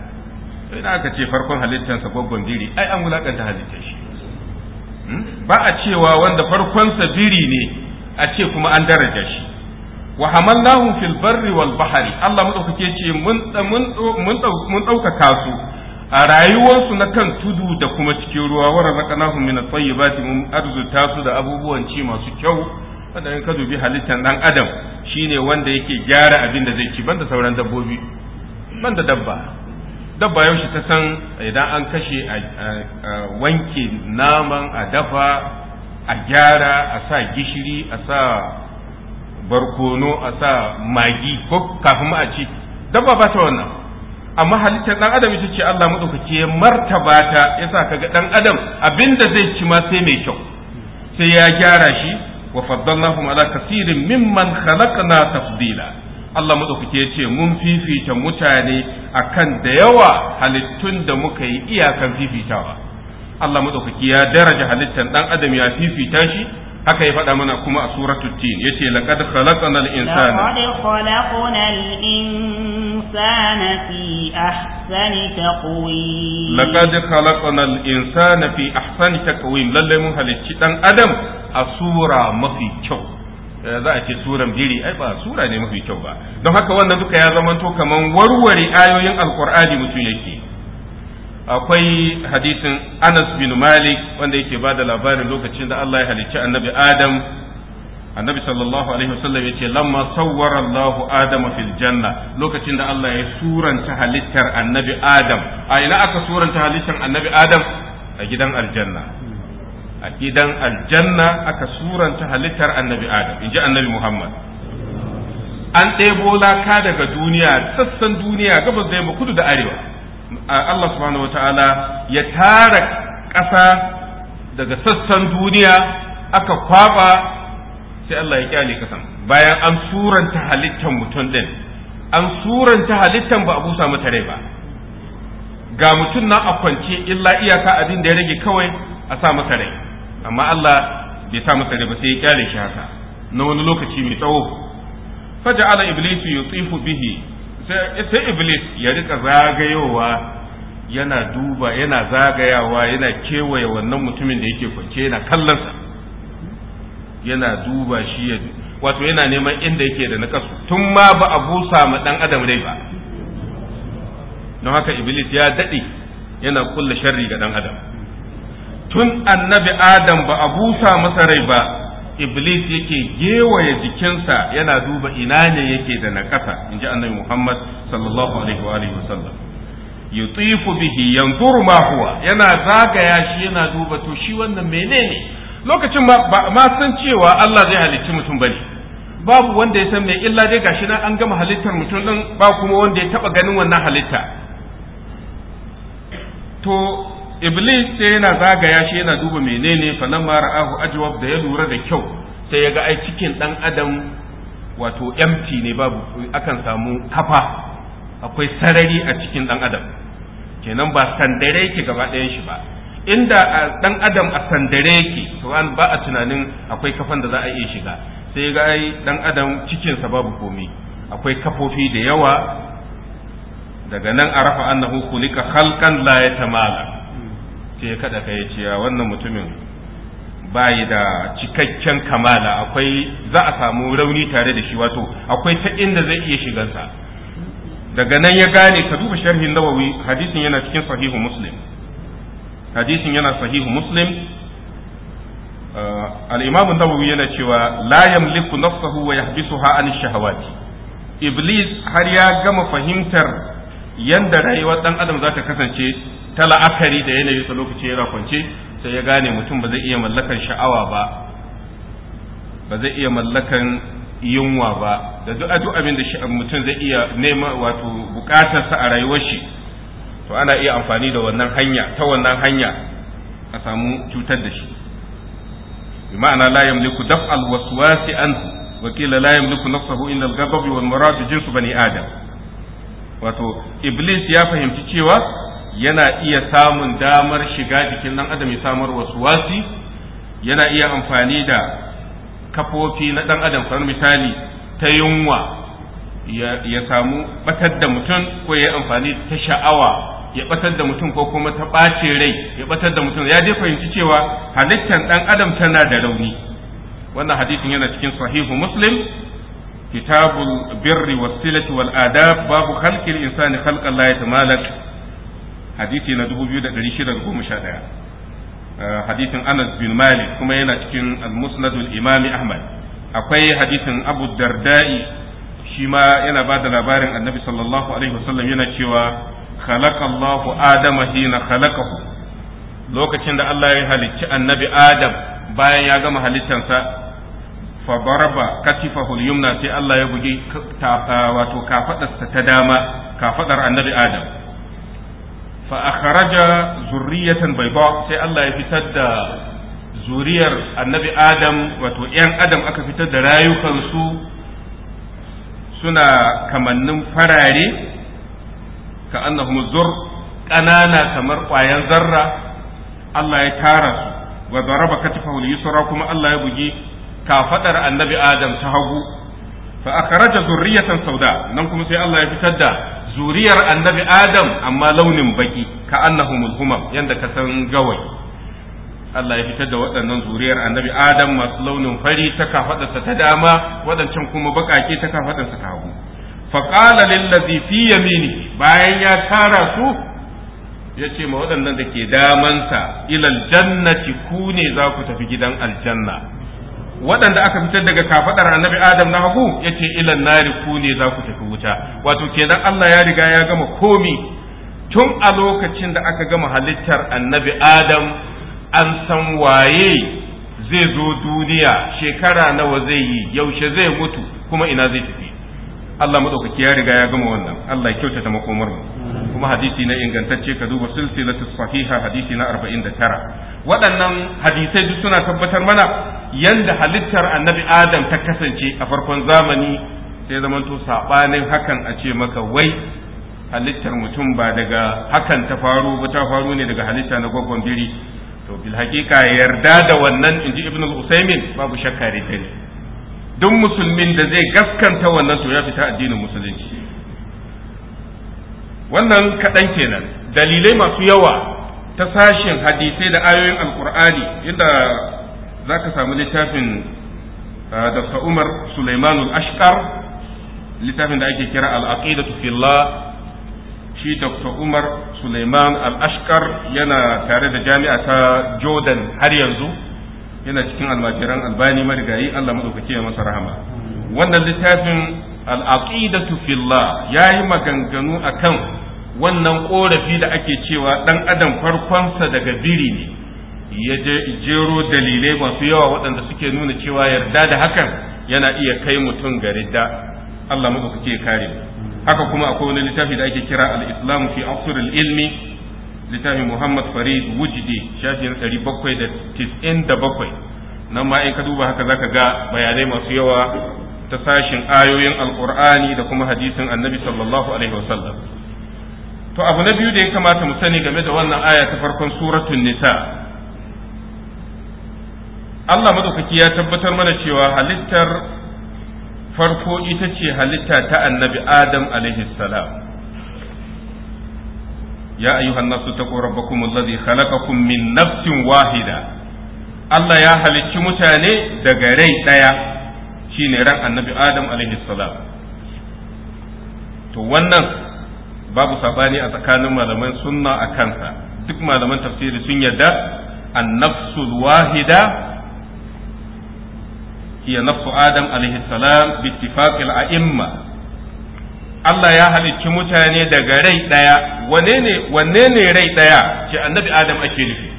ina aka ce farkon halittarsa gwaggon biri ai an wulakanta halittar shi hmm? ba a cewa wanda farkonsa biri ne a ce kuma an daraja shi wa hamallahu fil barri wal bahari Allah madaukake ce mun mun ɗaukaka su a rayuwarsu na kan tudu da kuma cikin ruwa wa razaqnahum min at-tayyibati mun arzuta su da abubuwan ci masu kyau wanda in ka dubi halittar dan adam shine wanda yake gyara abin da zai ci banda sauran dabbobi banda dabba dabba yaushe ta san idan an kashe a wanke naman a dafa a gyara a sa gishiri a sa barkono a sa magi ko kafin ma a ci dabba ba ta wannan amma halittar dan adam ita ce Allah madaukake ya martaba ta yasa kaga dan adam abinda zai ci ma sai mai kyau sai ya gyara shi wa faddalnahum ala kaseerin mimman khalaqna tafdila Allah madaukake ya ce mun fifita mutane akan da yawa halittun da muka yi iyakan fifitawa Allah madaukake ya daraja halittan ɗan adam ya fifita shi haka ya faɗa mana kuma a suratul tin yace laqad khalaqnal insana laqad khalaqnal insana fi ahsani fi ahsani taqwim mun halicci ɗan adam a sura mafi kyau Eh, za a ce suran biri ai ba sura ne mafi kyau ba don haka wannan duka ya zamanto kaman warware ayoyin alkur'ani mutum yake akwai hadisin anas bin malik wanda yake ba da labarin lokacin da allah ya halicci annabi adam annabi sallallahu alaihi wasallam ya ce lamma sawwara allah adama fil janna lokacin da allah ya suranta halittar annabi adam a ina aka suranta halittar annabi adam a gidan aljanna a gidan aljanna aka suranta halittar annabi adam in ji annabi muhammad an ɗebo laka daga duniya sassan duniya gabas da yamma kudu da arewa Allah subhanahu wataala ya tara ƙasa daga sassan duniya aka kwaba sai Allah ya kyale kasan bayan an suranta halittar mutum ɗin an suranta halittar ba a busa mata rai ba ga mutum nan a kwance illa iyaka abin da ya rage kawai a sa masa rai amma Allah bai sa masa ba sai ya kyale shi haka na wani lokaci mai tsawo ala iblis yutifu bihi sai iblis ya rika zagayowa yana duba yana zagayawa yana kewaye wannan mutumin da yake kwance yana sa, yana duba shi ya wato yana neman inda yake da nakasu tun ma ba a busa ma dan adam rai ba don haka iblis ya daɗe yana kulla sharri ga dan adam tun annabi adam ba a busa masa rai ba iblis yake gewaye jikinsa yana duba ina ne yake da nakasa in ji annabi muhammad sallallahu alaihi wa alihi wasallam yutifu bihi yanzuru ma huwa yana zagaya shi yana duba to shi wannan menene lokacin ma san cewa Allah zai halicci mutum bane babu wanda ya san me illa dai gashi nan an gama halittar mutum din ba kuma wanda ya taba ganin wannan halitta to iblis sai yana zagaya shi yana duba menene fa nan ma ra'ahu ajwab da ya lura da kyau sai yaga ga ai cikin dan adam wato empty ne babu akan samu kafa akwai sarari a cikin dan adam kenan ba sandare yake gaba ɗayan shi ba inda dan adam a sandare yake to an ba a tunanin akwai kafan da za a iya shiga sai ga ai dan adam cikin sa babu komai akwai kafofi da yawa daga nan a rafa annahu khuliqa khalqan la yatamala sai kada ka yi wannan mutumin bayi da cikakken kamala akwai za a samu rauni tare da shi wato akwai ta inda zai iya shigansa daga nan ya gane ka duba sharhin nawawi hadisin yana cikin sahihu muslim hadisin yana sahihu muslim uh, al-imam nawawi yana cewa la yamliku nafsahu wa yahbisuha an shahawati iblis har ya gama fahimtar yanda rayuwar dan adam za ta kasance ta la'akari da yanayi sa lokaci yana kwance sai ya gane mutum ba zai iya mallakan sha'awa ba ba zai iya mallakan yunwa ba da duk duk abin da mutum zai iya nema wato sa a rayuwar shi to ana iya amfani da wannan hanya ta wannan hanya a samu cutar da shi bi ma'ana la yamliku daf'al waswasi an wa qila la yamliku nafsahu illa al-ghadab wal marad jinsu bani adam wato iblis ya fahimci cewa yana iya samun damar shiga jikin ɗan adam ya samar wasu wasi yana iya amfani da kafofi na ɗan adam kamar misali ta yunwa ya samu batar da mutum ko ya amfani ta sha'awa ya batar da mutum ko kuma ta ɓace rai ya batar da mutum ya dai fahimci cewa halittar ɗan adam tana da rauni wannan hadisin yana cikin sahihu muslim kitabul birri wasilati wal adab babu khalqil insani khalqan la yatamalak hadisi na 2611 eh, hadisin Anas bin Malik kuma yana cikin al-Musnad Ahmad akwai hadisin Abu Darda'i shi ma yana da labarin Annabi sallallahu alaihi wasallam yana cewa khalaqallahu Adama hina khalaqahu lokacin da Allah ya halicci Annabi Adam bayan ya gama halittansa fa baraba katifahu al-yumna sai Allah ya bugi eh, wato kafadarsa ta dama kafadar Annabi Adam fa akhraja zurriyatan ba sai Allah ya fitar da zuriyar annabi adam wato yan adam aka fitar da rayukansu suna kamannin farare ka annahum zur ƙanana kamar ƙwayan zarra Allah ya tara su wa daraba katifahu yusra kuma Allah ya bugi kafadar annabi adam ta hagu fa akhraja zurriyatan sauda nan kuma sai Allah ya fitar da zuriyar annabi adam amma launin baki ka annahu humam yanda ka san gawai Allah ya fitar da waɗannan zuriyar annabi adam masu launin fari ta kafaɗarsa ta dama waɗancan kuma baƙaƙe ta kafaɗarsa ta hagu faƙala lillazi fi yamini bayan ya tara su ya ce ma waɗannan da ke damansa ilal jannati ku ne za ku tafi gidan aljanna waɗanda aka fitar daga kafaɗar annabi adam na hagu ya ce ilan nari ku ne za ku tafi wuta wato kenan Allah ya riga ya gama komi tun a lokacin da aka gama halittar annabi adam an san waye zai zo duniya shekara nawa zai yi yaushe zai mutu kuma ina zai tafi Allah maɗaukaki ya riga ya gama wannan Allah kyautata makomarmu. kuma hadisi na ingantacce ka duba silsilatu sahiha hadisi na 49 waɗannan hadisai duk suna tabbatar mana yanda halittar annabi adam ta kasance a farkon zamani sai zamanto sabanin hakan a ce maka wai halittar mutum ba daga hakan ta faru ba ta faru ne daga halitta na gwaggon biri to bil hakika yarda da wannan inji ibn usaimin usaymin babu shakka ne duk musulmin da zai gaskanta wannan to ya fita addinin musulunci wannan kaɗan kenan dalilai masu yawa ta sashen hadisai da ayoyin alkur'ani inda za ka samu littafin ah, da umar sulaimanul ashkar littafin da ake kira al'aqidatu fillah shi dr umar suleiman Alashkar yana tare da jami'a ta jordan har yanzu yana cikin almajiran albani marigayi allah maɗaukaki ya masa rahama wannan littafin al'aqidatu ya yi maganganu a kan wannan ƙorafi da ake cewa ɗan adam farkonsa daga biri ne ya jero dalilai masu yawa waɗanda suke nuna cewa yarda da hakan yana iya kai mutum ga ridda Allah maka kuke kare haka kuma akwai wani littafi da ake kira al fi asr ilmi littafin Muhammad Farid Wujdi shafin 797 nan ma in ka duba haka zaka ga bayanai masu yawa ta sashin ayoyin alkur'ani da kuma hadisin annabi sallallahu alaihi wasallam to abu na biyu da ya kamata mu sani game da wannan aya ta farkon suratun nisa Allah madaukaki ya tabbatar mana cewa halittar farko ita ce halitta ta annabi adam alaihi salam ya ayyuhan nasu taqu rabbakum alladhi khalaqakum min nafsin wahida Allah ya halicci mutane daga rai ɗaya shine ran annabi adam alaihi salam to wannan babu saɓani a tsakanin malaman sunna a kansa duk malaman tafsiri sun yarda annafsul wahida hiya nafsu adam alaihi salam bittifaqil a'imma Allah ya halicci mutane daga rai ɗaya wane wanne ne rai ɗaya ce annabi adam ake nufi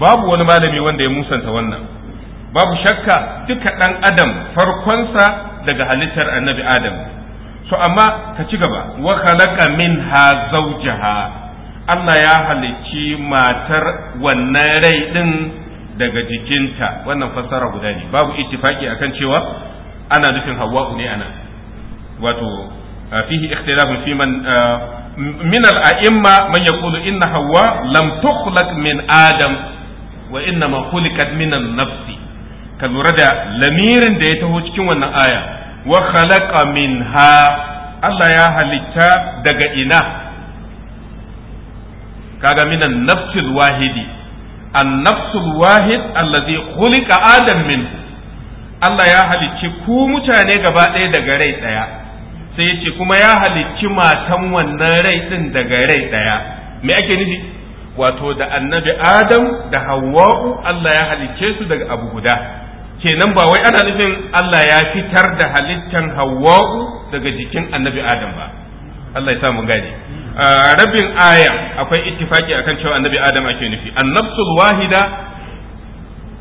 babu wani malami wanda ya musanta wannan babu shakka duka ɗan adam farkonsa daga halittar annabi adam so amma ka ci gaba wa khalaqa minha zawjaha Allah ya halicci matar wannan rai din daga jikinta wannan fassara guda ne babu ittifaki akan cewa ana nufin hawa'u ne ana wato fihi ikhtilafun fi man min al-a'imma man yaqulu inna hawa lam tukhlaq min adam wa inna ma nafsi ka lura da lamirin da ya taho cikin wannan aya wa khalaqa minha Allah ya halitta daga ina kaga minan nafsil wahidi an nafsul wahid allazi khuliqa adam min. Allah ya halicci ku mutane gaba ɗaya daga rai ɗaya sai ya kuma ya halicci matan wannan rai ɗin daga rai ɗaya me ake nufi wato da annabi adam da hawwa'u Allah ya halicce su daga abu guda kenan ba wai ana nufin Allah ya fitar da halittan Hawwa'u daga jikin Annabi Adam ba Allah ya sa mu gane rabin aya akwai ittifaki akan cewa Annabi Adam ake nufi annabsul wahida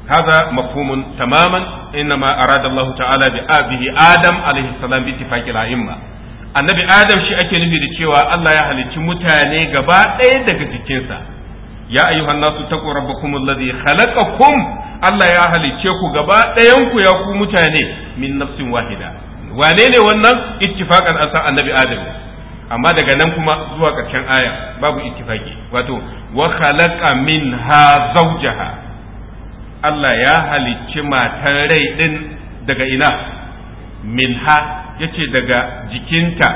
هذا مفهوم تماما انما اراد الله تعالى بابه ادم عليه السلام باتفاق الائمه annabi adam shi ake nufi da cewa Allah ya halicci mutane gaba ɗaya daga jikinsa ya ayyuhan nasu taqu rabbakum alladhi khalaqakum Allah ya halicce ku gaba ɗayan ku ya ku mutane min nafsin wahida wane ne wannan ittifaqan asa annabi adam amma daga nan kuma zuwa ƙarshen aya babu ittifaqi wato wa khalaqa minha zawjaha Allah ya halicci matar rai din daga ina minha yace daga jikinta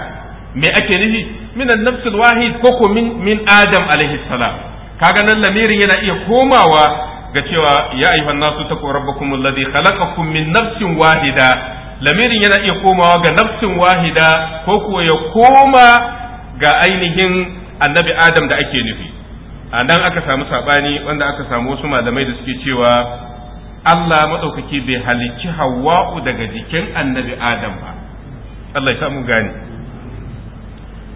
me ake nufi minan nafsil wahid ko min min adam alaihi salam kaga nan lamirin yana iya komawa ga cewa ya ayyuhan nasu taqu rabbakum alladhi khalaqakum min nafsin wahida lamirin yana iya komawa ga nafsin wahida ko kuwa ya koma ga ainihin annabi adam da ake nufi a nan aka samu sabani wanda aka samu wasu malamai da suke cewa Allah maɗaukaki bai halicci hawa'u daga jikin annabi adam ba Allah ya samu gani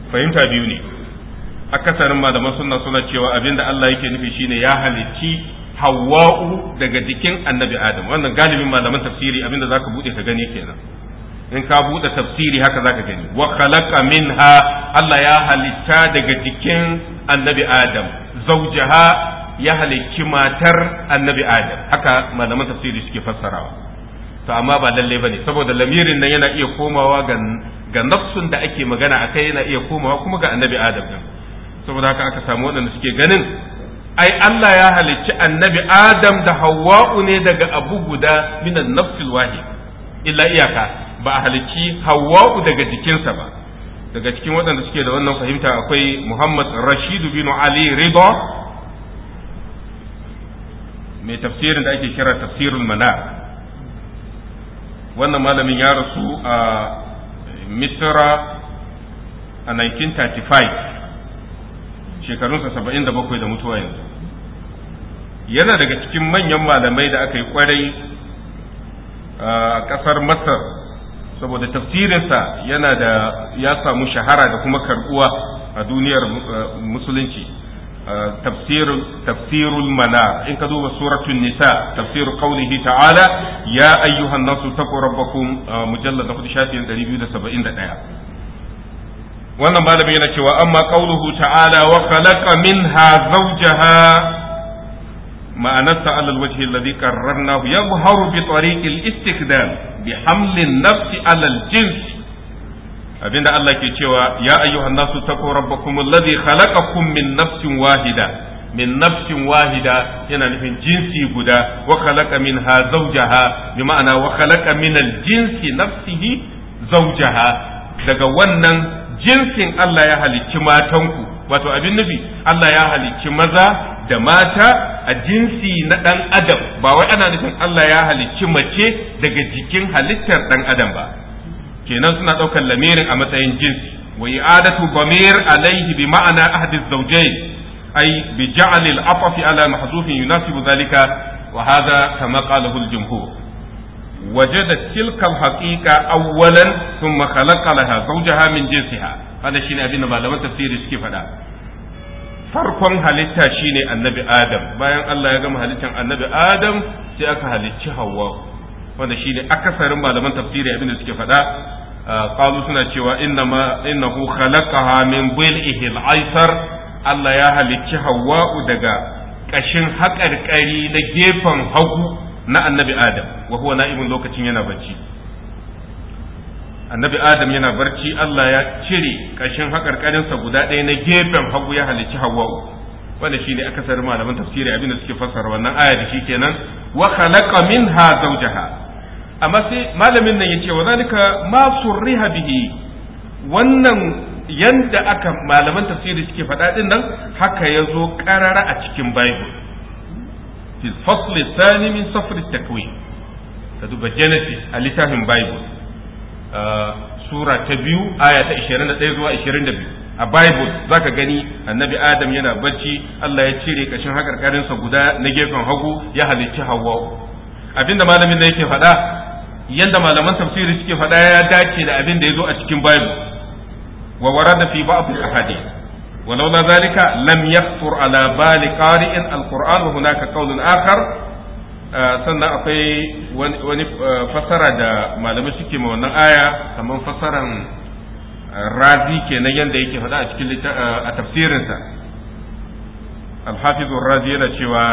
fahimta biyu ne akasarin malaman sunna suna cewa abinda Allah yake nufi shine ya halicci hawa'u daga jikin annabi adam wannan galibin malaman tafsiri abinda zaka bude ka gani kenan in ka bude tafsiri haka zaka gani wa khalaqa minha Allah ya halitta daga jikin annabi adam zawjaha ya halicci matar annabi adam haka malaman tafsiri suke fassarawa to amma ba lalle bane saboda lamirin nan yana iya komawa ga ga da ake magana akai yana iya komawa kuma ga annabi adam din saboda haka aka samu waɗanda suke ganin ai Allah ya halicci annabi Adam da Hawwa'u ne daga abu guda minan nafsil wahid illa iyaka ba a halicci Hawwa'u daga jikinsa ba daga cikin waɗanda suke da wannan fahimta akwai Muhammad Rashid bin Ali Ridha mai tafsirin da ake kira tafsirul mana wannan malamin ya rasu a Misra a 1935 shekarunsa saba'in da bakwai da mutuwa yanzu yana daga cikin manyan malamai da aka yi kwarai a ƙasar masar saboda tafsirinsa yana da ya samu shahara da kuma karbuwa a duniyar musulunci tafsirul mana in ka duba suratun nisa tafsiru qaulihi ta'ala ya ayyuhan nasu taqu rabbakum mujallad 471 wannan malami yana cewa amma qauluhu ta'ala wa khalaqa minha zawjaha ma'anarsa alal wajhi alladhi qarrarnahu yadhharu bi tariqi al-istikdam bi hamli an-nafs ala al-jins abinda Allah ke cewa ya ayyuhan nasu taqu rabbakum alladhi khalaqakum min nafsin wahida min nafsin wahida yana nufin jinsi guda wa khalaqa minha zawjaha bi ma'ana wa khalaqa min al-jinsi nafsihi zawjaha daga wannan jinsin Allah ya halicci matanku wato abin nufi Allah ya halicci maza da mata a jinsi na ɗan adam ba wai ana nufin Allah ya halicci mace daga jikin halittar ɗan adam ba kenan suna ɗaukar lamirin a matsayin jinsi wa i'adatu bamir alaihi bi ma'ana ahadi zawjayn ay bi ja'al al-afafi ala mahzufin yunasibu zalika wa hadha kama qalahu al-jumhur وجد تلك الحقيقة أولا ثم خلق لها زوجها من جنسها هذا شيء أبينا ما لم تفسير كيف هذا farkon halitta shine annabi Adam bayan Allah ya gama halittar annabi Adam sai aka halicci Hawwa wanda shine akasarin malaman tafsiri abin da suke faɗa qalu suna cewa inna ma innahu khalaqaha min bil'ihi al Allah ya halicci Hawwa daga kashin haƙarƙari na gefen hagu na annabi adam wa huwa na'ibun lokacin yana barci annabi adam yana barci Allah ya cire kashin haƙarƙarinsa guda ɗaya na gefen hagu ya halicci hawa'u wanda shine sarri malaman tafsiri abin da suke fassara wannan aya da shi kenan wa khalaqa minha zawjaha amma sai malamin nan yace wa zalika ma surriha bihi wannan yanda aka malaman tafsiri suke faɗa din nan haka yazo karara a cikin bible fil fasl thani min safr takwin ka duba genesis a littafin bible sura ta biyu aya ta 21 zuwa 22 a bible zaka gani annabi adam yana barci Allah ya cire kashin sa guda na gefen hagu ya halicci hawa abinda malamin da yake faɗa yadda malaman tafsiri suke faɗa ya dace da abin da ya zo a cikin bible wa da fi ba'd al-ahadith ولولا ذلك لم يخطر على بال قارئ القرآن وهناك قول آخر sannan akwai wani fasara da malamai suke ma wannan aya kamar fasaran razi kenan yadda yake faɗa a cikin a tafsirinsa alhafizun razi yana cewa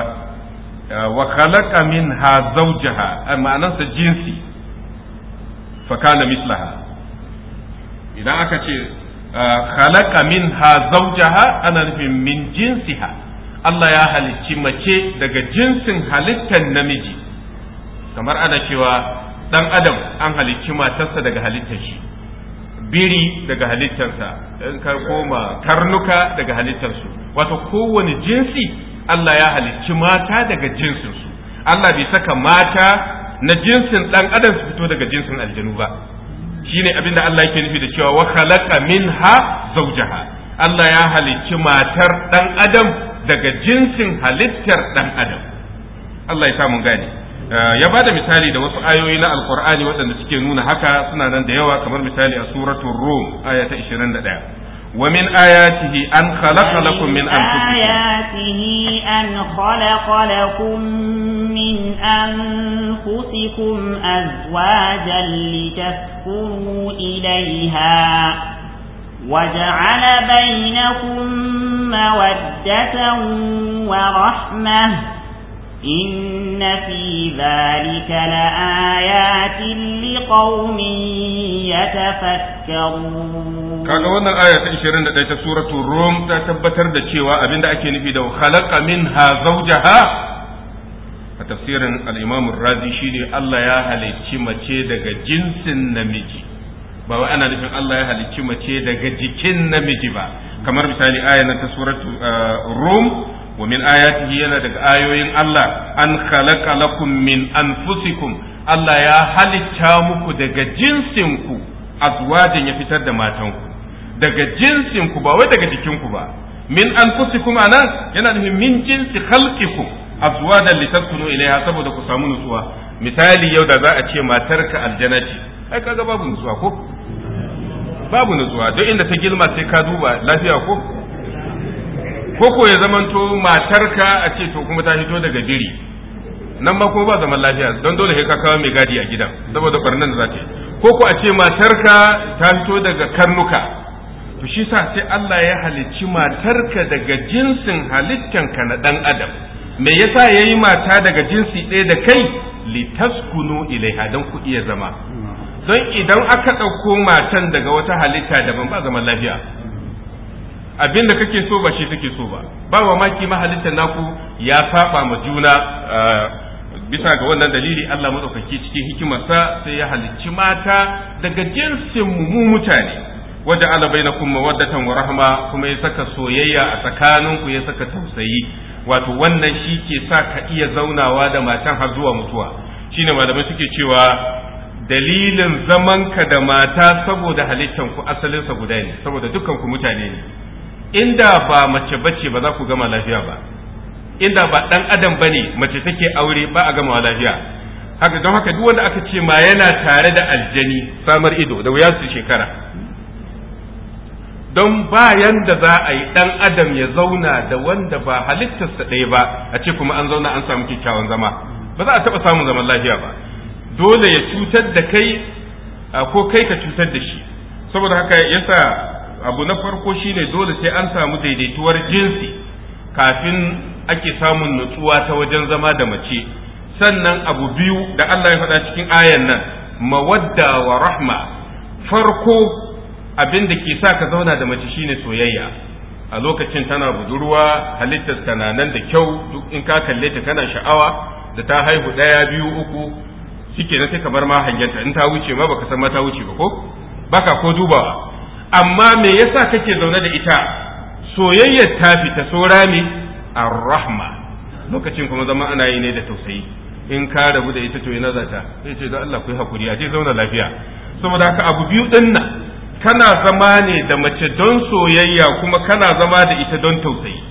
wa khalaqa minha zawjaha ma'anarsa jinsi fa kana mislaha idan aka ce khalaqa minha zawjaha ana nufin min jinsiha Allah ya halicci mace daga jinsin halittar namiji kamar ana cewa dan adam an halicci matarsa daga halittar shi biri daga halittarsa in ka koma karnuka daga halittarsu wato kowane jinsi Allah ya halicci mata daga jinsinsu Allah bai saka mata na jinsin dan adam su fito daga jinsin aljanu ba shine abin da Allah yake nufi da cewa wa khalaqa minha zawjaha Allah ya halicci matar dan adam daga jinsin halittar dan adam Allah ya mun gane eh, ya ba da misali da wasu ayoyi na alkur'ani waɗanda suke nuna haka suna nan da yawa kamar misali a suratul rum aya ta 21 ومن آياته أن خلق لكم من أنفسكم آياته أن خلق لكم من أنفسكم أزواجا لتسكنوا إليها وجعل بينكم مودة ورحمة إن في ذلك لآيات لقوم يتفكرون kaga wannan aya ta 21 ta suratul rum ta tabbatar da cewa abinda ake nufi da khalaqa minha zawjaha a tafsirin al-Imam ar-Razi shine Allah ya halicci mace daga jinsin namiji ba ana nufin Allah ya halicci mace daga jikin namiji ba kamar misali ayan ta suratul eh, rum wa min ayatihi yana daga ayoyin Allah an khalaqa lakum min anfusikum Allah ya halitta muku daga jinsinku azwajin ya fitar da matanku daga jinsinku ba wai daga jikinku ba min anfusikum anan yana nufin min jinsi khalqikum azwajan litaskunu ilaiha saboda ku samu nutsuwa misali yau da za a ce matarka aljana ce ai kaga babu nutsuwa ko babu nutsuwa don inda ta girma sai ka duba lafiya ko koko ya zamanto matarka a ce to kuma ta hito daga biri nan ma ko ba zaman lafiya don dole sai ka kawo mai gadi a gidan saboda barnan da za ta yi koko a ce matarka ta hito daga karnuka to shi sa sai Allah ya halicci matarka daga jinsin halittanka na dan adam me yasa yayi mata daga jinsi ɗaya da kai litaskunu ilaiha don ku iya zama don idan aka ɗauko matan daga wata halitta daban ba zaman lafiya abin da kake so ba shi take so ba ba mamaki mahalittar naku ya saba ma juna eh, bisa ga wannan dalili Allah madaukaki cikin hikimarsa sai ya halicci mata daga jinsin mu mutane wajen ala bainakum mawaddatan wa rahma kuma ya saka soyayya a tsakaninku ya saka tausayi wato wannan shi ke sa ka iya zaunawa da matan har zuwa mutuwa shine malamai suke cewa dalilin zamanka da mata saboda halittanku asalinsa guda ne saboda dukkan ku mutane ne inda ba mace bace ba za ku gama lafiya ba inda ba dan adam bane mace take aure ba a gama lafiya haka don haka duk wanda aka ce ma yana tare da aljani samar ido da wuya su shekara don bayan da za a yi dan adam ya zauna da wanda ba halittarsa ɗaya ba a ce kuma an zauna an samu kyakkyawan zama ba za a taɓa samun zaman lafiya ba dole ya cutar da kai ko kai ka cutar da shi saboda haka yasa abu na farko shine dole sai an samu daidaituwar jinsi kafin ake samun nutsuwa ta wajen zama da mace sannan abu biyu da Allah ya faɗa cikin ayan nan mawadda wa rahma farko abin da ke sa ka zauna da mace shine soyayya a lokacin tana budurwa halittar nan da kyau duk in ka kalle ta kana sha'awa da ta haihu ɗaya biyu uku shike na sai ka bar ma hangenta in ta wuce ma baka san ma ta wuce ba ko baka ko dubawa amma me yasa kake zaune da ita soyayyar ta fita sora ne ar-rahma lokacin kuma zama ana yi ne da tausayi in ka rabu da ita to yana zata sai ce da Allah ku yi hakuri a je zauna lafiya saboda haka abu biyu din nan kana zama ne da mace don soyayya kuma kana zama da ita don tausayi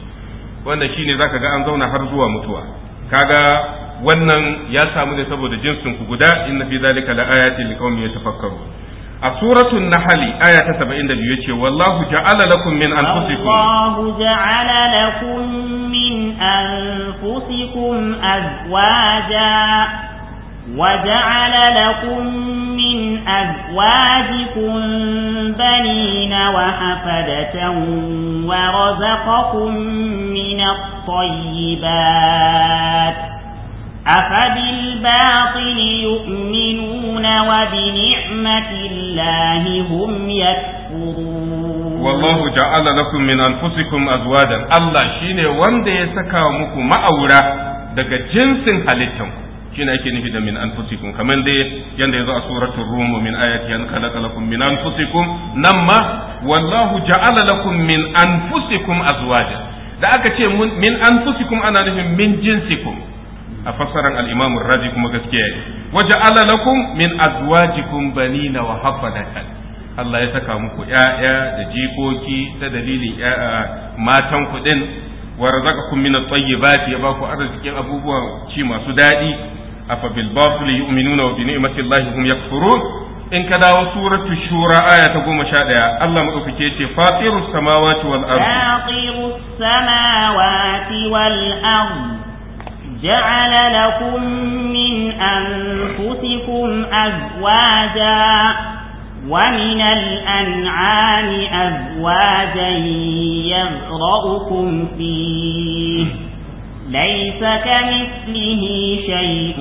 wannan shine zaka ga an zauna har zuwa mutuwa kaga wannan ya samu ne saboda jinsin ku guda inna fi zalika la ayatin liqaumin yatafakkarun a suratul nahli aya ta 72 yace wallahu ja'ala lakum min anfusikum wallahu ja'ala lakum min anfusikum azwaja wa ja'ala lakum min azwajikum banina wa hafadatan wa razaqakum min at-tayyibat أفبالباطل يؤمنون وبنعمة الله هم يكفرون والله جعل لكم من أنفسكم أزواجا الله شيني وند يسكى مكو مأورا daga jinsin halittanku shi ne ake nufi da min anfusikum kamar dai ya zo a suratul rum min ayati an khalaqa lakum min anfusikum nan ma wallahu ja'ala min da aka ce min fusikum ana nufin min jinsikum a fassaran al-Imam kuma gaskiya ne waja'ala lakum min azwajikum banina wa hafadatan Allah ya saka muku yaya da jikoki ta dalilin matan kuɗin wa razaqakum min tsaye tayyibati ya baku arzikin abubuwan ci masu daɗi afa bil batil yu'minuna wa bi ni'mati Allahi hum yakfurun in ka dawo suratu shura aya ta goma sha ɗaya Allah maɗaukake ce fatirus samawati wal ardi fatirus samawati wal ardi جعل لكم من أنفسكم أزواجا ومن الأنعام أزواجا يغرأكم فيه ليس كمثله شيء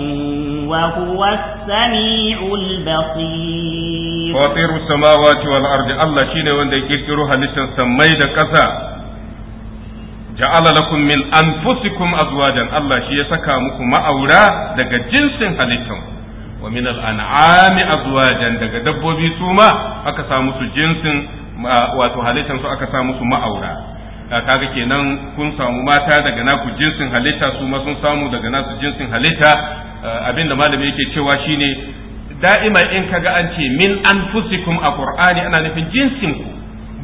وهو السميع البصير فاطر السماوات والأرض الله شيني وندي كيرترو هلشن سمي دكسا ja'ala lakum min anfusikum azwajan Allah shi ya saka muku ma'aura daga jinsin halittan wa min al'an'ami azwajan daga dabbobi su ma aka sa musu jinsin wato halittan su aka sa musu ma'aura kaga kenan kun samu mata daga naku jinsin halitta su ma sun samu daga nasu jinsin halitta eh, Abin da malami yake cewa shine da'ima in kaga an ce min anfusikum a qur'ani ana nufin jinsin ku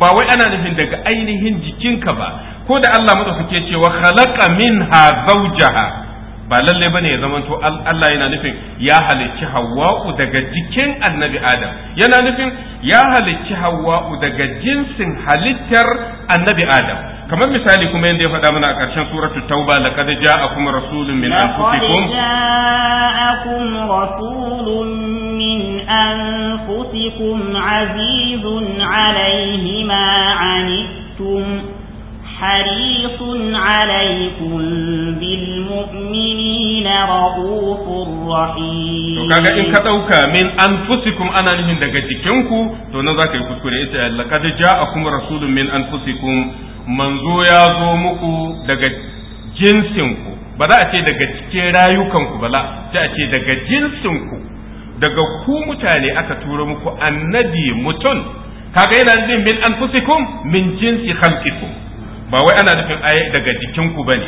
ba wai ana nufin daga ainihin jikinka ba ko da Allah madaukake ce wa khalaqa minha zawjaha ba lalle bane ya zamanto Allah yana nufin ya halicci Hawwa'u daga jikin Annabi Adam yana nufin ya halicci Hawwa'u daga jinsin halittar Annabi Adam kamar misali kuma yadda ya faɗa mana a ƙarshen suratul tauba laqad ja'akum rasulun min anfusikum ja'akum rasulun min anfusikum azizun alayhi ma anittum حريص عليكم بالمؤمنين رؤوف رحيم to kaga in ka ɗauka min anfusikum ana nihin daga jikinku to na zaka yi kuskure ita a kuma rasulun min anfusikum manzo ya zo muku daga jinsinku ba za a ce daga cikin rayukanku ba za a ce daga jinsinku daga ku mutane aka tura muku annabi mutum kaga yana jin min anfusikum min jinsi khalqikum ba wai ana nufin ai daga jikinku bane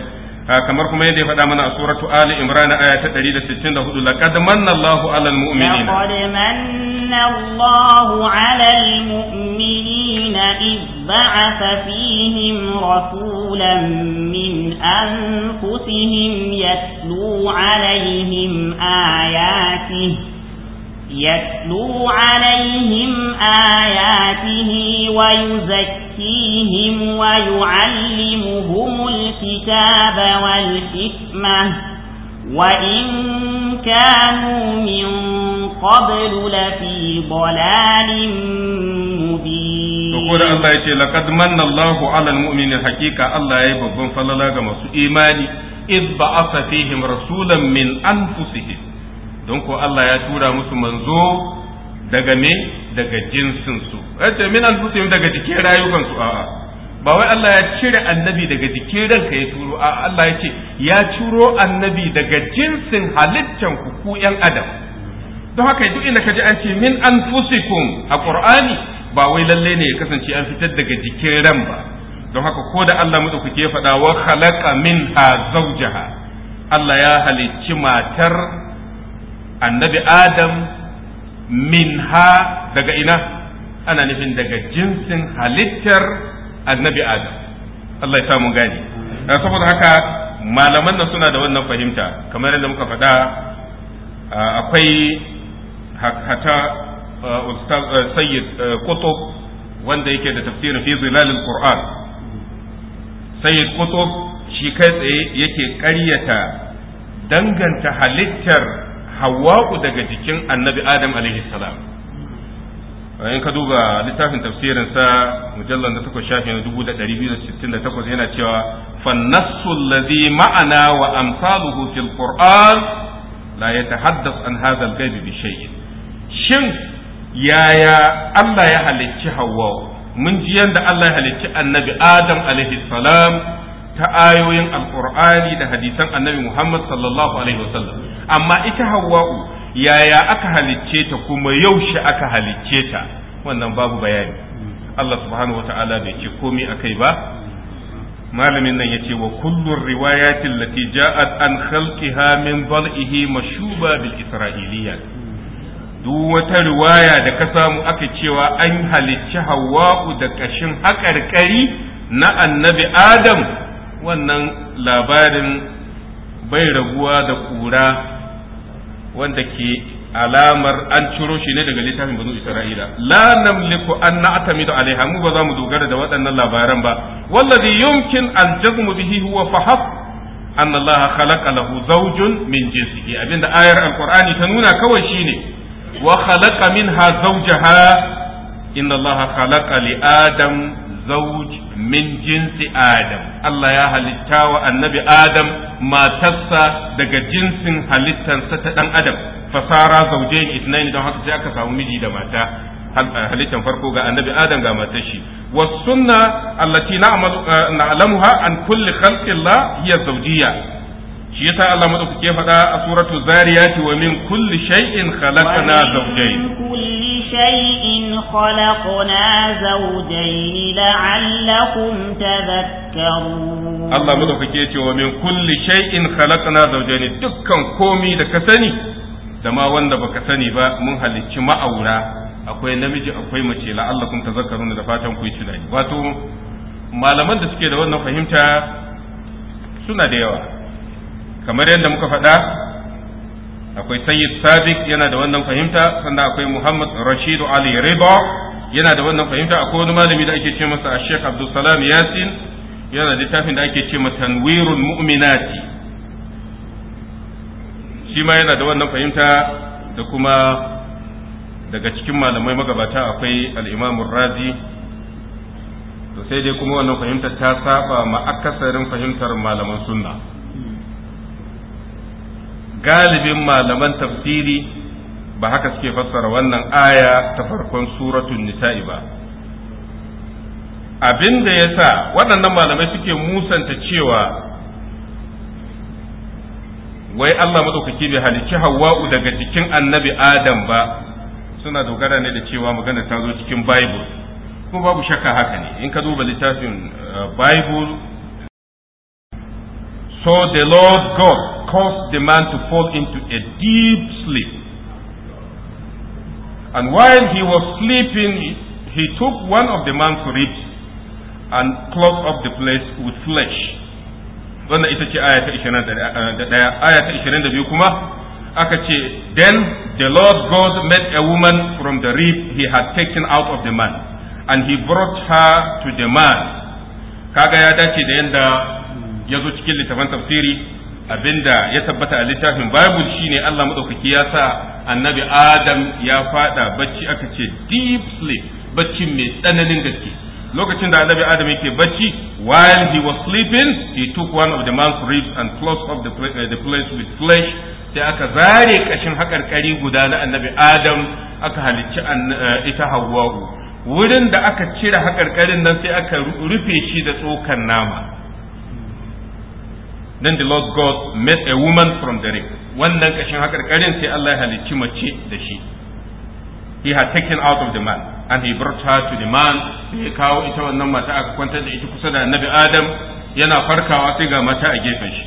kamar kuma yadda ya faɗa mana a suratu Ali Imran aya ta 164 laqad manna Allahu 'alal mu'minina laqad manna Allahu 'alal mu'minina ba'atha fihim rasulan min anfusihim yatlu 'alayhim ayatihi يتلو عليهم آياته ويزكيهم ويعلمهم الكتاب والحكمة وإن كانوا من قبل لفي ضلال مبين تقول الله يشي لقد من الله على المؤمن الحقيقة الله يبقى فللا كما إيماني إذ بعث فيهم رسولا من أنفسهم don ko Allah ya tura musu manzo daga me daga jinsinsu yace min anfusihim daga jikin rayukansu a'a ba wai Allah ya cire annabi daga jikin ranka ya turo a Allah ya ce ya turo annabi daga jinsin halittan ku ku yan adam don haka duk inda kaji an ce min anfusikum a qur'ani ba wai lalle ne ya kasance an fitar daga jikin ran ba don haka ko da Allah madaukake kuke faɗa wa khalaqa minha zawjaha Allah ya halicci matar annabi adam minha daga ina ana nufin daga jinsin halittar annabi adam Allah ya samu gani eh, saboda haka malaman nan suna da wannan fahimta kamar yadda muka faɗa akwai hata sayyid kutub wanda yake da tafsirin fi zilalil qur'an sayyid kutub shi kai tsaye yake ƙaryata danganta halittar hawa'u daga jikin annabi adam alaihi salam in ka duba littafin tafsirin sa mujallar da takwas shafi na dubu da ɗari biyu da sittin da takwas yana cewa fannasu lazi ma'ana wa amsaluhu fil qur'an la yatahaddas an hadha al ghaib bi shay'in shin yaya Allah ya halicci hawa'u mun ji yanda Allah ya halicci annabi adam alaihi salam ta ayoyin alqur'ani da hadisan annabi muhammad sallallahu alaihi wasallam amma ita hawa'u yaya aka halicce ta kuma yaushe aka halicce ta wannan babu bayani Allah subhanahu wata'ala bai ce komai kai ba malamin nan yace wa kullu riwayatin lati ja'at an khalqiha min dhal'ihi mashuba bil isra'iliyat duk wata riwaya da ka samu aka cewa an halicci hawa'u da kashin haƙarƙari na annabi adam wannan labarin bai raguwa da ƙura wanda ke alamar an ciro shi ne daga littafin banu isra'ila la namliku an na'tamidu alaiha mu ba za mu dogara da waɗannan labaran ba wallazi yumkin aljazmu bihi huwa fahaf an Allah khalaqa lahu zawjun min jinsihi abinda ayar alqur'ani ta nuna kawai shine wa khalaqa minha zawjaha inna Allah khalaqa li adam zauj min jinsi adam Allah ya halitta wa annabi adam matarsa daga jinsin halittarsa ta dan adam fasara zaujain ithnain don haka sai aka samu miji da mata eh, halittan farko ga annabi adam ga matar shi was sunna allati eh, na'lamuha an kulli khalqillah hiya zawjiyya shi yasa Allah madaukake faɗa a suratu Zariya wa min kulli shay'in khalaqna zawjayn شيء خلقنا زوجين لعلكم تذكرون الله مدوكي يتي ومن كل شيء خلقنا زوجين دكان كومي da ka sani da ma wanda baka sani ba mun halicci ma'aura akwai namiji akwai mace kun tazakkaru da fatan ku yi tunani wato malaman da suke da wannan fahimta suna da yawa kamar yadda muka faɗa akwai sayyid sadiq yana da wannan fahimta sannan akwai muhammad rashidu ali riba yana da wannan fahimta akwai wani malami da ake ce masa a sheikh abdulsalam yasin yana da littafin da ake ce masa Tanwirun mu'minati shi ma yana da wannan fahimta da kuma daga cikin malamai magabata akwai al'imamun razi to sai dai kuma wannan fahimta ta saba ma akasarin fahimtar malaman sunna galibin malaman tafsiri ba haka suke fassara wannan aya ta farkon suratun nisa'i ba abin da ya sa waɗannan malamai suke musanta cewa wai Allah maɗaukaki bai halicci hawa'u daga cikin annabi adam ba suna dogara ne da cewa magana ta zo cikin bible kuma babu shakka haka ne in ka duba littafin uh, bible so the lord god cause the man to fall into a deep sleep. And while he was sleeping, he took one of the man's ribs and clogged up the place with flesh. Wannan ita ce aya ta 21, kuma aka ce, Then the Lord God made a woman from the rib he had taken out of the man, and he brought her to the man. Kaga ya dace da yanda ya zo cikin littafin tafsiri abinda ya tabbata a littafin bible shine Allah madaukaki ya sa annabi adam ya fada bacci aka ce deep sleep bacci mai tsananin gaske lokacin da annabi adam yake bacci while he was sleeping he took one of the man's ribs and closed up the, the place with flesh sai aka zare kashin haƙarƙari guda na annabi adam aka halicci eh, ita Hawwa wurin da aka cire haƙarƙarin nan sai aka rufe shi da tsokan nama then the Lord God made a woman from the rib wannan kashin hakarkarin sai Allah ya halicci mace da shi he had taken out of the man and he brought her to the man sai ya kawo ita wannan mata aka kwantar da ita kusa da annabi Adam yana farkawa sai ga mata a gefen shi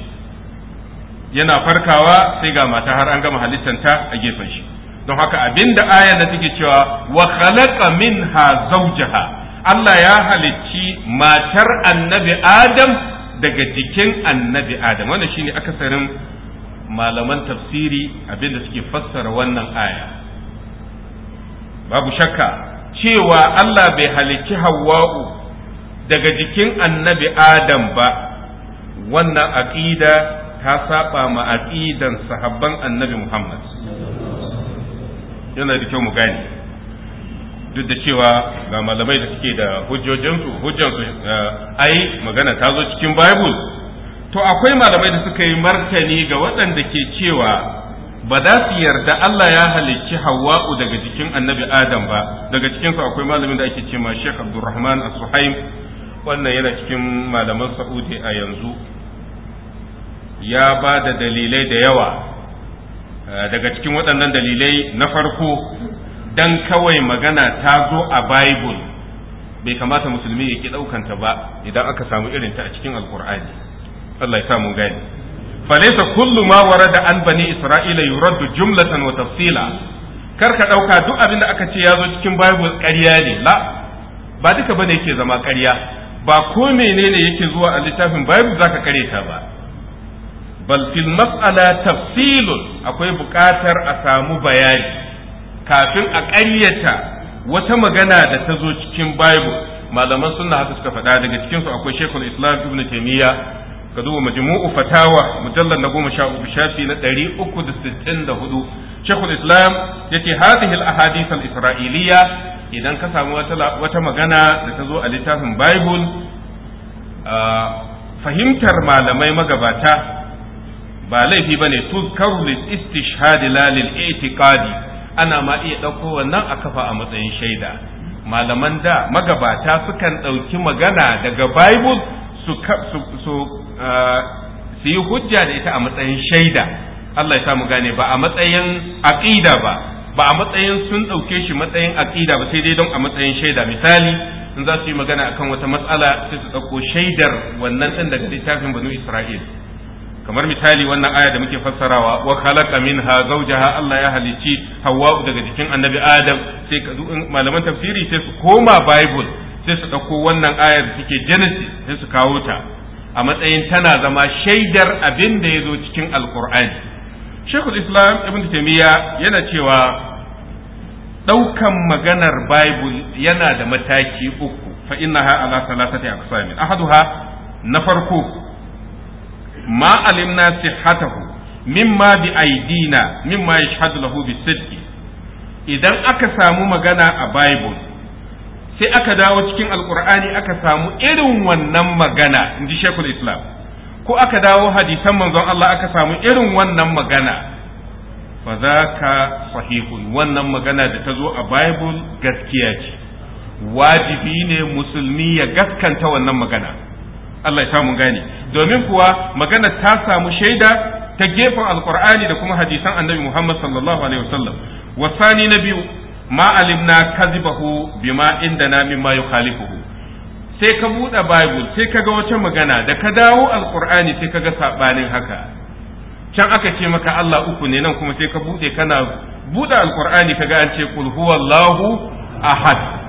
yana farkawa sai ga mata har an gama halittanta a gefen shi don haka abinda aya da take cewa wa khalaqa minha zawjaha Allah ya halicci matar annabi Adam daga jikin annabi adam wannan shine akasarin malaman tafsiri abinda suke fassara wannan aya babu shakka cewa Allah bai halicci Hawwa'u daga jikin annabi Adam ba wannan aqida ta saba ma aqidan sahabban annabi Muhammad yana da kyau mu gane duk da cewa ga malamai da suke da hujjojinsu hujjansu eh, ai magana ta zo cikin bible to akwai malamai da suka yi martani ga waɗanda ke cewa ba za su yarda Allah ya halicci Hawwa'u daga jikin Annabi Adam ba daga cikin akwai malamin da ake cewa Sheikh Abdulrahman As-Suhaim wannan yana cikin malaman Saudi a yanzu ya ba da dalilai da yawa eh, daga cikin waɗannan dalilai na farko dan kawai magana ta zo a bible bai kamata musulmi ya ki ɗaukanta ba idan aka samu irin ta a cikin alkur'ani Allah ya samu gani falaisa kullu ma warada an bani isra'ila yuraddu jumlatan wa tafsila kar ka ɗauka duk abin da aka ce ya zo cikin bible ƙarya ne la ba duka bane yake zama ƙarya ba ko menene yake zuwa a littafin bible zaka kare ta ba bal fil mas'ala tafsilun akwai buƙatar a samu bayani kafin a ƙaryata wata magana da ta zo cikin bible malaman sunna haka suka faɗa daga cikinsu akwai shekul islam ibn taimiyya ka duba majmu'u fatawa mujallar na goma sha uku shafi na ɗari uku da sittin da hudu shekul islam ya ce hadhihi al-ahadith al-isra'iliya idan ka samu wata magana da ta zo a littafin bible fahimtar malamai magabata ba laifi bane tuzkaru lil istishhad la lil i'tiqadi ana ma iya ɗauko wannan a kafa a matsayin shaida malaman da magabata sukan ɗauki magana daga bible su uh, su yi hujja da ita a matsayin shaida Allah ya samu gane ba a matsayin aqida ba ba a matsayin sun ɗauke shi matsayin aqida ba sai dai don a matsayin shaida misali in za su yi magana akan wata matsala sai su ɗauko shaidar wannan ɗin daga littafin banu Isra'il kamar misali wannan aya da muke fassarawa wa khalaqa minha zawjaha Allah ya halici Hawwa daga jikin Annabi Adam sai ka malaman tafsiri sai su koma Bible sai su dauko wannan aya da take Genesis sai su kawo ta a matsayin tana zama shaidar abin da yazo cikin Al-Qur'ani. Sheikhul Islam Ibn Taymiyyah yana cewa daukan maganar Bible yana da mataki uku fa innaha ala salasati aqsamin ahaduha na farko ma alimna sihhatahu mimma bi aidina mimma yashhadu lahu idan aka samu magana a bible sai aka dawo cikin Alkur'ani aka samu irin wannan magana inji shekul islam ko aka dawo hadisan manzon Allah aka samu irin wannan magana fa zaka sahihun wannan magana da ta zo a bible gaskiya ce wajibi ne musulmi ya gaskanta wannan magana Allah ya samu gane domin kuwa magana ta samu shaida ta gefen alkur'ani da kuma hadisan annabi Muhammad sallallahu alaihi wasallam wasani na biyu ma alimna kazibahu bima indana mimma yukhalifuhu sai ka buɗe bible sai ka ga wata magana da ka dawo alƙur'ani sai ka ga sabanin haka can aka ce maka Allah uku ne nan kuma sai ka buɗe kana buɗe alkur'ani ka ga an ce kul huwallahu ahad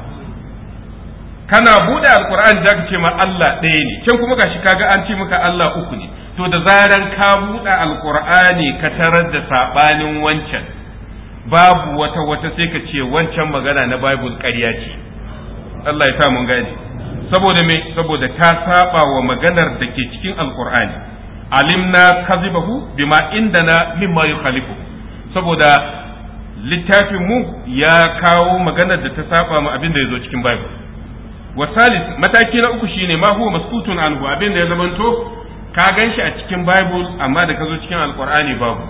kana bude alkur'ani da ka ce ma Allah ɗaya ne can kuma gashi kaga an ce maka Allah uku ne to da zaran ka bude alkur'ani ka tarar da sabanin wancan babu wata wata sai ka ce wancan magana na bible ƙarya ce Allah ya sa mun gane saboda me saboda ta saba wa maganar da ke cikin alkur'ani alimna kazibahu bima indana mimma yukhalifu saboda littafin mu ya kawo maganar da ta saba mu abin da ya zo cikin bible wa salis mataki na uku shine ma huwa maskutun anhu abin da ya zamanto ka gan a cikin bible amma da ka cikin alqur'ani babu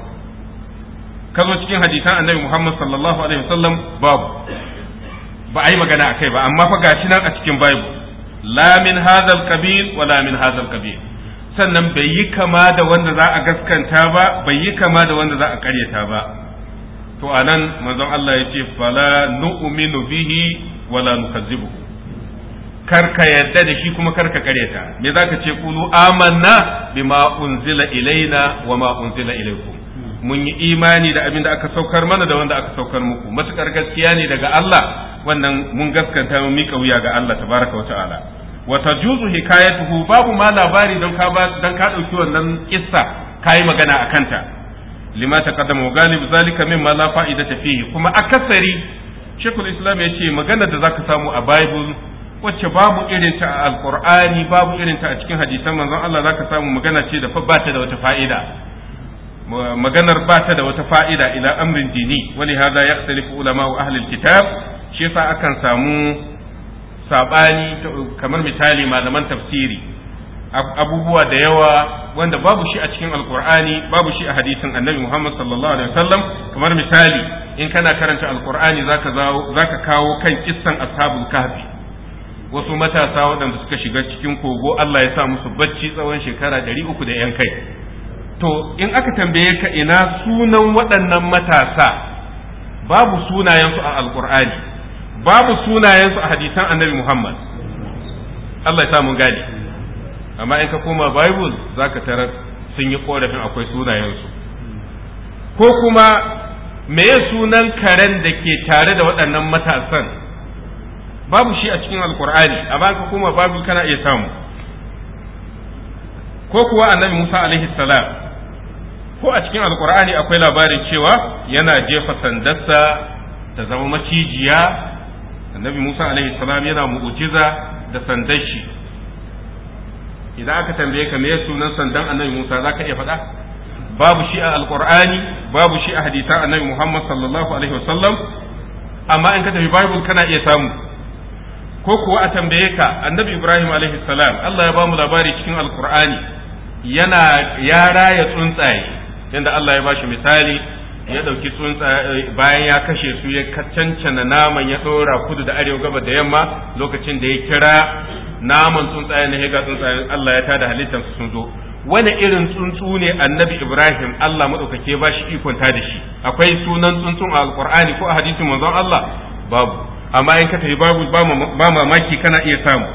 ka cikin cikin hadisan annabi muhammad sallallahu alaihi wasallam babu ba a yi magana a kai ba amma fa gashi nan a cikin bible la min hadhal qabil wa la min hadhal qabil sannan bai yi kama da wanda za a gaskanta ba bai yi kama da wanda za a karyata ba to anan manzon Allah ya ce fala nu'minu bihi wala nukazzibuhu kar ka yadda da shi kuma kar ka kareta me za ka ce kulu amanna bima unzila ilaina wa ma unzila ilaikum mun yi imani da abin da aka saukar mana da wanda aka saukar muku matukar gaskiya ne daga Allah wannan mun gaskanta mun mika wuya ga Allah tabaraka wa ta'ala wa tajuzu hikayatuhu babu ma labari don ka don ka dauki wannan kissa kai magana akan ta lima taqaddama galib zalika mimma la fa'idata fihi kuma akasari shekul islam ya ce magana da zaka samu a bible wacce babu irin ta a alqur'ani babu irin ta a cikin hadisan manzon Allah zaka samu magana ce da ba ta da wata fa'ida maganar ba ta da wata fa'ida ila amrin dini wani hada ya ulama wa ahli kitab shi yasa akan samu sabani kamar misali malaman tafsiri abubuwa da yawa wanda babu shi a cikin alkur'ani babu shi a hadisin annabi muhammad sallallahu alaihi wasallam kamar misali in kana karanta alkur'ani zaka zaka kawo kan kissan ashabul kahfi wasu matasa waɗanda suka shiga cikin kogo Allah ya sa musu bacci tsawon shekara ɗari uku da 'yan kai to in aka tambaye ka ina sunan waɗannan matasa babu sunayensu a alƙur'ani babu sunayensu a hadisan annabi Muhammad Allah ya sa mun gane amma in ka koma Bible za ka tarar sun yi ƙorafin akwai sunayensu ko kuma meye sunan karen da ke tare da waɗannan matasan babu shi a cikin alkur'ani a ba ka babu kana iya samu ko kuwa annabi musa alaihi salam ko a cikin alkur'ani akwai labarin cewa yana jefa sandarsa ta zama macijiya annabi musa alaihi salam yana mu'ujiza da sandar shi idan aka tambaye ka me sunan sandan annabi musa za ka iya faɗa babu shi a alkur'ani babu shi a hadisan annabi muhammad sallallahu alaihi wasallam amma in ka tafi bible kana iya samu ko kuwa a tambaye ka annabi ibrahim alaihi salam Allah ya bamu labari cikin alkur'ani yana ya raya tsuntsaye yanda Allah ya bashi misali ya dauki tsuntsaye bayan ya kashe su ya cancana naman ya dora kudu da arewa gaba da yamma lokacin da ya kira naman tsuntsaye na hega tsuntsaye Allah ya tada halittar sun zo wani irin tsuntsu ne annabi ibrahim Allah madaukake bashi ikon ta da shi akwai sunan tsuntsun a alkur'ani ko a hadisin manzon Allah babu amma in ka tafi babu ba mamaki kana iya samu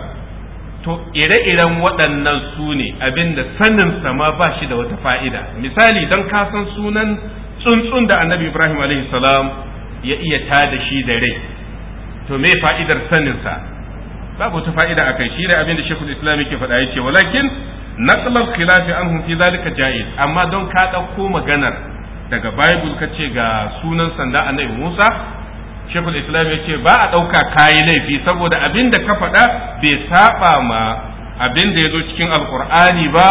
to ire-iren waɗannan su ne abinda sanin sama ba shi da wata fa'ida misali don kasan sunan tsuntsun da annabi ibrahim alaihi salam ya iya ta da shi da rai to me fa'idar saninsa babu wata fa'ida a kai shi da abinda shekul islam yake faɗa yake walakin naqlal khilafi an hunfi zalika jaiz amma don ka ɗauko maganar daga bible ka ce ga sunan sanda annabi musa shekul islam ya ce ba a ɗauka kayi laifi saboda abin da ka faɗa bai saɓa ma abin da ya zo cikin alkur'ani ba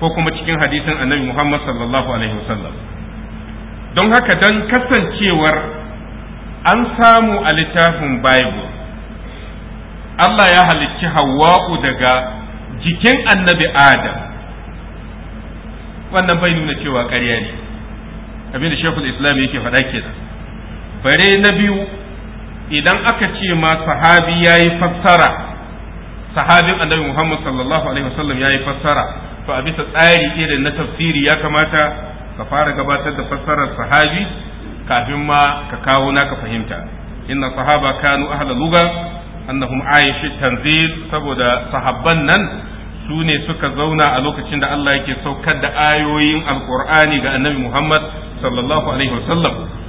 ko kuma cikin hadisin annabi muhammad sallallahu alaihi wasallam don haka don kasancewar an samu a littafin bible allah ya halicci hawa'u daga jikin annabi adam wannan bai nuna cewa ƙarya ne abin da shekul islam yake faɗa kenan bare na biyu idan aka ce ma sahabi ya yi fassara sahabin annabi muhammad sallallahu alaihi wasallam ya yi fassara to a bisa tsari irin na tafsiri ya kamata ka fara gabatar da fassarar sahabi kafin ma ka kawo naka fahimta inna sahaba kanu ahla luga annahum aishu tanzil saboda sahabban nan su ne suka zauna a lokacin da Allah yake saukar da ayoyin alqur'ani ga annabi muhammad sallallahu alaihi wasallam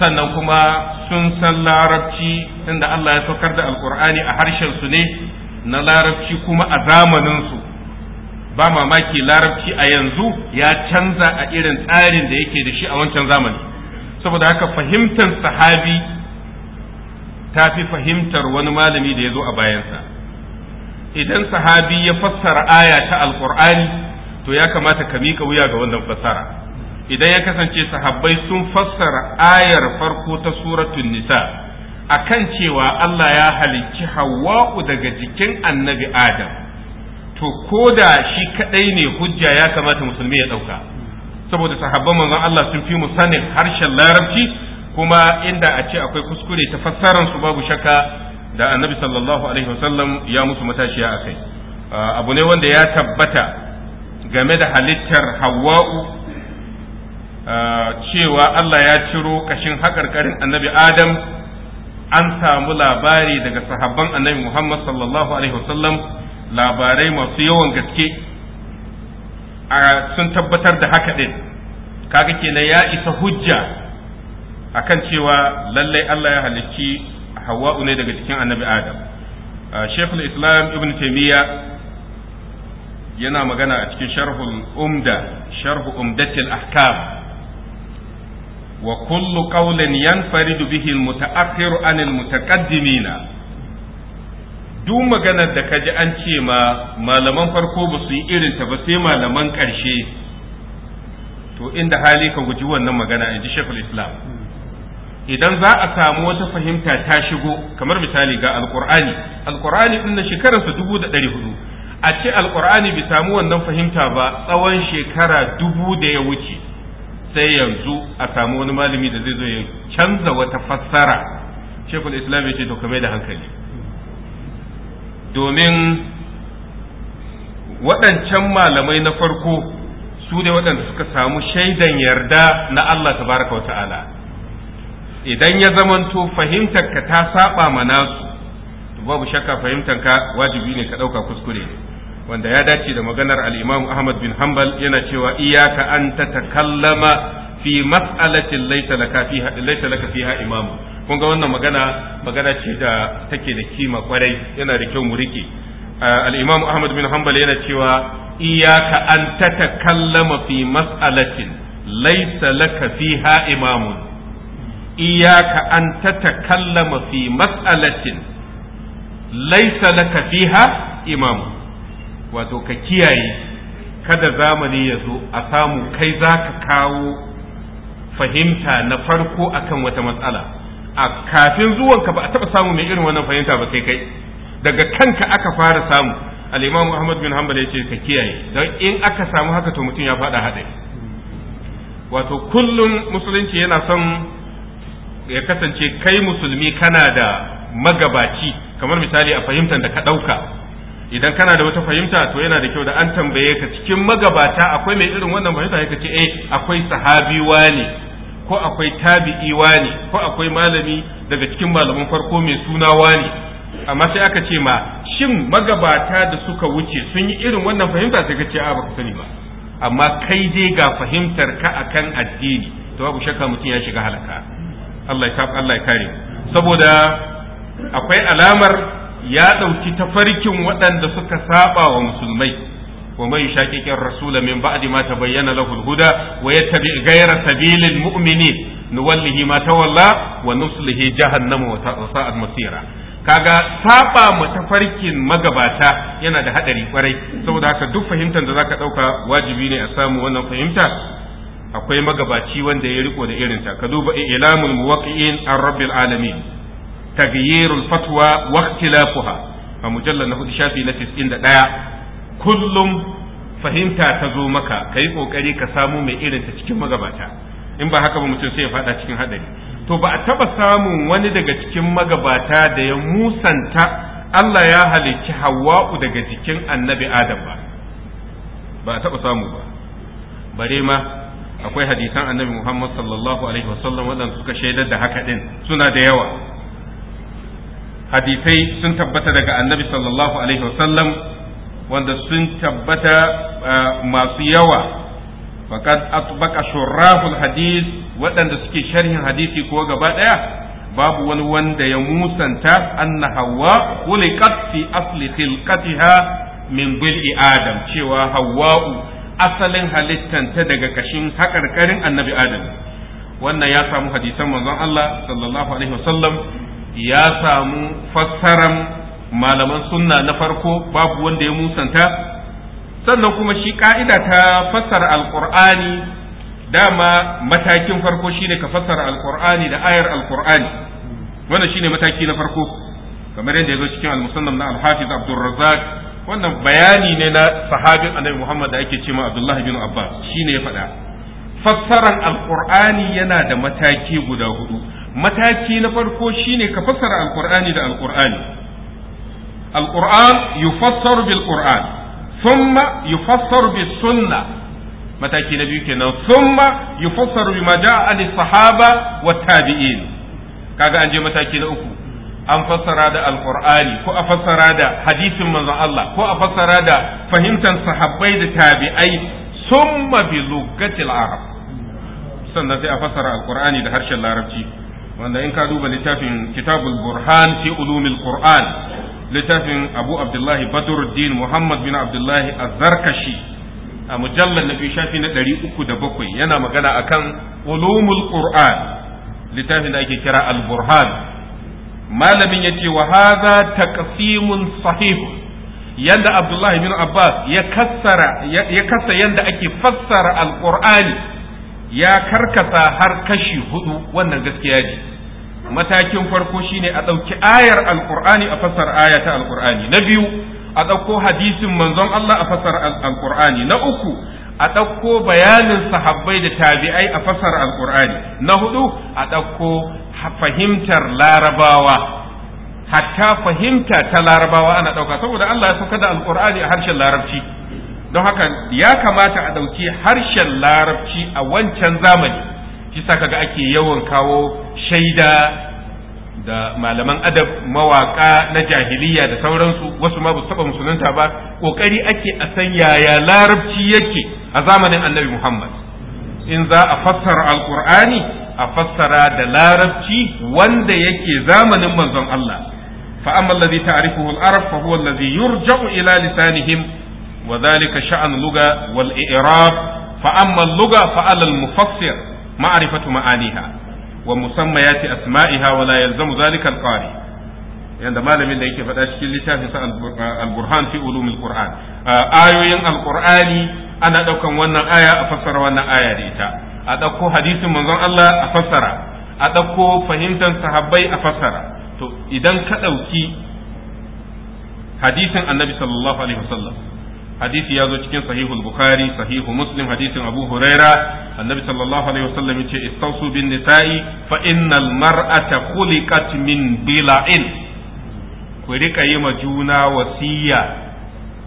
sannan kuma sun san larabci inda Allah ya saukar da alkur'ani a harshen su ne na larabci kuma a zamaninsu ba mamaki larabci a yanzu ya canza a irin tsarin da yake da shi a wancan zamani saboda haka fahimtar sahabi ta fi fahimtar wani malami da ya zo a bayansa idan sahabi ya fassara aya ta alkur'ani to ya kamata ka miƙa wuya ga wannan fassara idan ya kasance sahabbai sun fassara ayar farko ta suratul nisa akan cewa Allah ya halicci Hauwa'u daga jikin Annabi Adam to ko da shi kadai ne hujja ya kamata musulmi ya dauka saboda sahabban manzon Allah sun fi sanin harshen larabci kuma inda a ce akwai kuskure ta fassaran su babu shakka da Annabi sallallahu alaihi wasallam ya musu matashiya akai abu ne wanda ya tabbata game da halittar hawa'u cewa Allah ya ciro kashin haƙarƙarin annabi Adam an samu labari daga sahabban annabi Muhammad sallallahu alaihi wasallam labarai masu yawan gaske sun tabbatar da haka ɗin kaga kenan ya isa hujja akan cewa lallai Allah ya halicci Hauwa ne daga cikin annabi Adam Sheikhul Islam Ibn Taymiyyah yana magana a cikin sharhul umda sharhu umdatil ahkam wa kullu qawlin yanfaridu bihi almutaakhiru anil mutaqaddimina duk maganar da kaji an ce ma malaman farko ba su yi irin ta ba sai malaman ƙarshe to inda hali ka guji wannan magana in ji islam idan za a samu wata fahimta ta shigo kamar misali ga alkur'ani alkur'ani din na shekararsa dubu da ɗari hudu a ce alkur'ani bai samu wannan fahimta ba tsawon shekara dubu da ya wuce sai yanzu a samu wani malami da zai zo ya canza wata fassara shekul islam ya ce to kame da hankali domin waɗancan malamai na farko su ne waɗanda suka samu shaidan yarda na Allah baraka wa ta'ala idan ya zamanto fahimtarka ta saba ma nasu babu shakka fahimtanka wajibi ne ka ɗauka kuskure wanda ya dace da maganar al Ahmad bin Hanbal yana cewa iyyaka an tatakallama fi mas'alatin laysa laka fi ha imamu. kun ga wannan magana magana ce da take da kima kwarai yana da kyau mu rike al Ahmad bin Hanbal yana cewa iyyaka an tatakallama fi mas'alatin laysa laka fiha imam iyyaka an tatakallama fi mas'alatin laysa laka fiha imam wato ka kiyaye kada zamani ya zo a samu kai za ka kawo fahimta na farko akan wata matsala a kafin zuwanka ba a taɓa samu mai irin wannan fahimta ba sai kai daga kanka aka fara samu al'imam Muhammad bin Hanbal ya ce ka kiyaye don in aka samu haka to mutum ya faɗa haɗari wato kullum musulunci yana son ya kasance kai musulmi kana da magabaci kamar misali a fahimtar da ka ɗauka idan kana da wata fahimta to yana da kyau da an tambaye ka cikin magabata akwai mai irin wannan fahimta ya ce eh akwai sahabi wani ko akwai tabi'i wani ko akwai malami daga cikin malaman farko mai suna wani amma sai aka ce ma shin magabata da suka wuce sun yi irin wannan fahimta sai ka ce a baka sani ba amma kai dai ga fahimtar ka akan addini to babu shakka mutum ya shiga halaka Allah ya Allah ya kare saboda akwai alamar ya ɗauki tafarkin waɗanda suka saba wa musulmai wa mai shakikin rasula min ba'di ma tabayyana lahu alhuda wa yattabi ghayra sabilil mu'minin nuwallihi ma tawalla wa nuslihi jahannama wa sa'at masira kaga saba ma tafarkin magabata yana da hadari kwarai saboda haka duk fahimtar da zaka dauka wajibi ne a samu wannan fahimta akwai magabaci wanda ya riko da irinta ka duba ilamul muwaqqi'in ar-rabbil alamin taghyirul fatwa wa ikhtilafuha a mujallar na hudu shafi na 91 kullum fahimta ta zo maka kai kokari ka samu mai irin ta cikin magabata in ba haka ba mutum sai ya fada cikin hadari to ba a taba samun wani daga cikin magabata da ya musanta Allah ya halicci Hawwa'u daga jikin Annabi Adam ba ba a taba samu ba bare akwai hadisan Annabi Muhammad sallallahu alaihi wasallam waɗanda suka shaidar da haka din suna da yawa hadisai sun tabbata daga annabi sallallahu alaihi wasallam wanda sun tabbata eh, masu yawa faqad atbaqa hadis waɗanda suke sharhin hadisi ko gaba ɗaya babu wani wanda ya musanta anna hawa khuliqat fi asli khilqatiha min bil'i adam cewa hawa'u asalin halittanta daga kashin haƙarƙarin annabi adam wannan ya samu hadisan manzon Allah sallallahu alaihi wasallam ya samu fassaran malaman sunna na farko babu wanda ya musanta sannan kuma shi ka'ida ta fassara alkur'ani dama matakin farko shine ka fassara alkur'ani da ayar alkur'ani wannan shine mataki na farko kamar yadda ya zo cikin almusannam na alhafiz Abdulrazak. wannan bayani ne na sahabin annabi muhammad da ake ce ma abdullahi bin abbas shine ya faɗa fassaran alkur'ani yana da mataki guda hudu mataki na farko shine ka fassara alqur'ani da alqur'ani alqur'an yufassaru bil qur'an thumma yufassaru bis sunna mataki na biyu kenan thumma yufassaru bima jaa ali sahaba wa tabi'in kaga an je mataki na uku an fassara da alqur'ani ko a fassara da hadisin manzon Allah ko a fassara da fahimtar sahabbai da tabi'ai summa bi lugatil arab sannan sai a fassara alqur'ani da harshen larabci wanda in ka duba littafin kitabul burhan fi ulumil qur'an littafin abu abdullahi badruddin muhammad bin abdullahi az-zarkashi a mujallar na shafi na ɗari uku da bakwai yana magana akan ulumul qur'an littafin da ake kira al-burhan malamin ce wa hadha taqsimun sahih Yadda Abdullahi bin Abbas ya kassara ya kasa yanda ake fassara Alƙur'ani ya karkasa har kashi hudu wannan gaskiya ne matakin farko shine a ɗauki ayar alkur'ani a fasar aya ta alkur'ani na biyu a ɗauko hadisin manzon Allah a fasar alkur'ani na uku a ɗauko bayanin sahabbai da tabi'ai a fasar alkur'ani na hudu a ɗauko fahimtar larabawa hatta fahimta ta larabawa ana ɗauka saboda Allah ya sauka da alkur'ani a harshen larabci don haka ya kamata a ɗauki harshen larabci a wancan zamani kisa sa kaga ake yawan kawo shaida da malaman adab mawaka na jahiliya da sauransu wasu ma ba musulunta ba ƙoƙari ake a san yaya larabci yake a zamanin annabi muhammad in za a fassara alƙur'ani a fassara da larabci wanda yake zamanin manzon allah فأما الذي تعرفه العرب فهو الذي يرجع إلى لسانهم وذلك شأن اللغة والإعراب فأما اللغة فعلى المفسر ma'rifatu ma'aniha wa ya asma'iha wa hawa yalzamu zalika al-qari yanda malamin da yake faɗa cikin littafin sa al fi ulumil qur'an ayoyin al ana ɗaukan wannan aya a fassara wannan aya da ita a ɗauko hadisin manzon Allah a fassara a ɗauko fahimtar sahabbai a fassara to idan ka ɗauki hadisin annabi sallallahu alaihi wasallam hadisi ya zo cikin sahihul bukhari sahihu muslim hadisin abu huraira annabi sallallahu alaihi wasallam yace istausu bin nisa'i fa innal mar'ata khuliqat min bila'in ku rika yi ma juna wasiya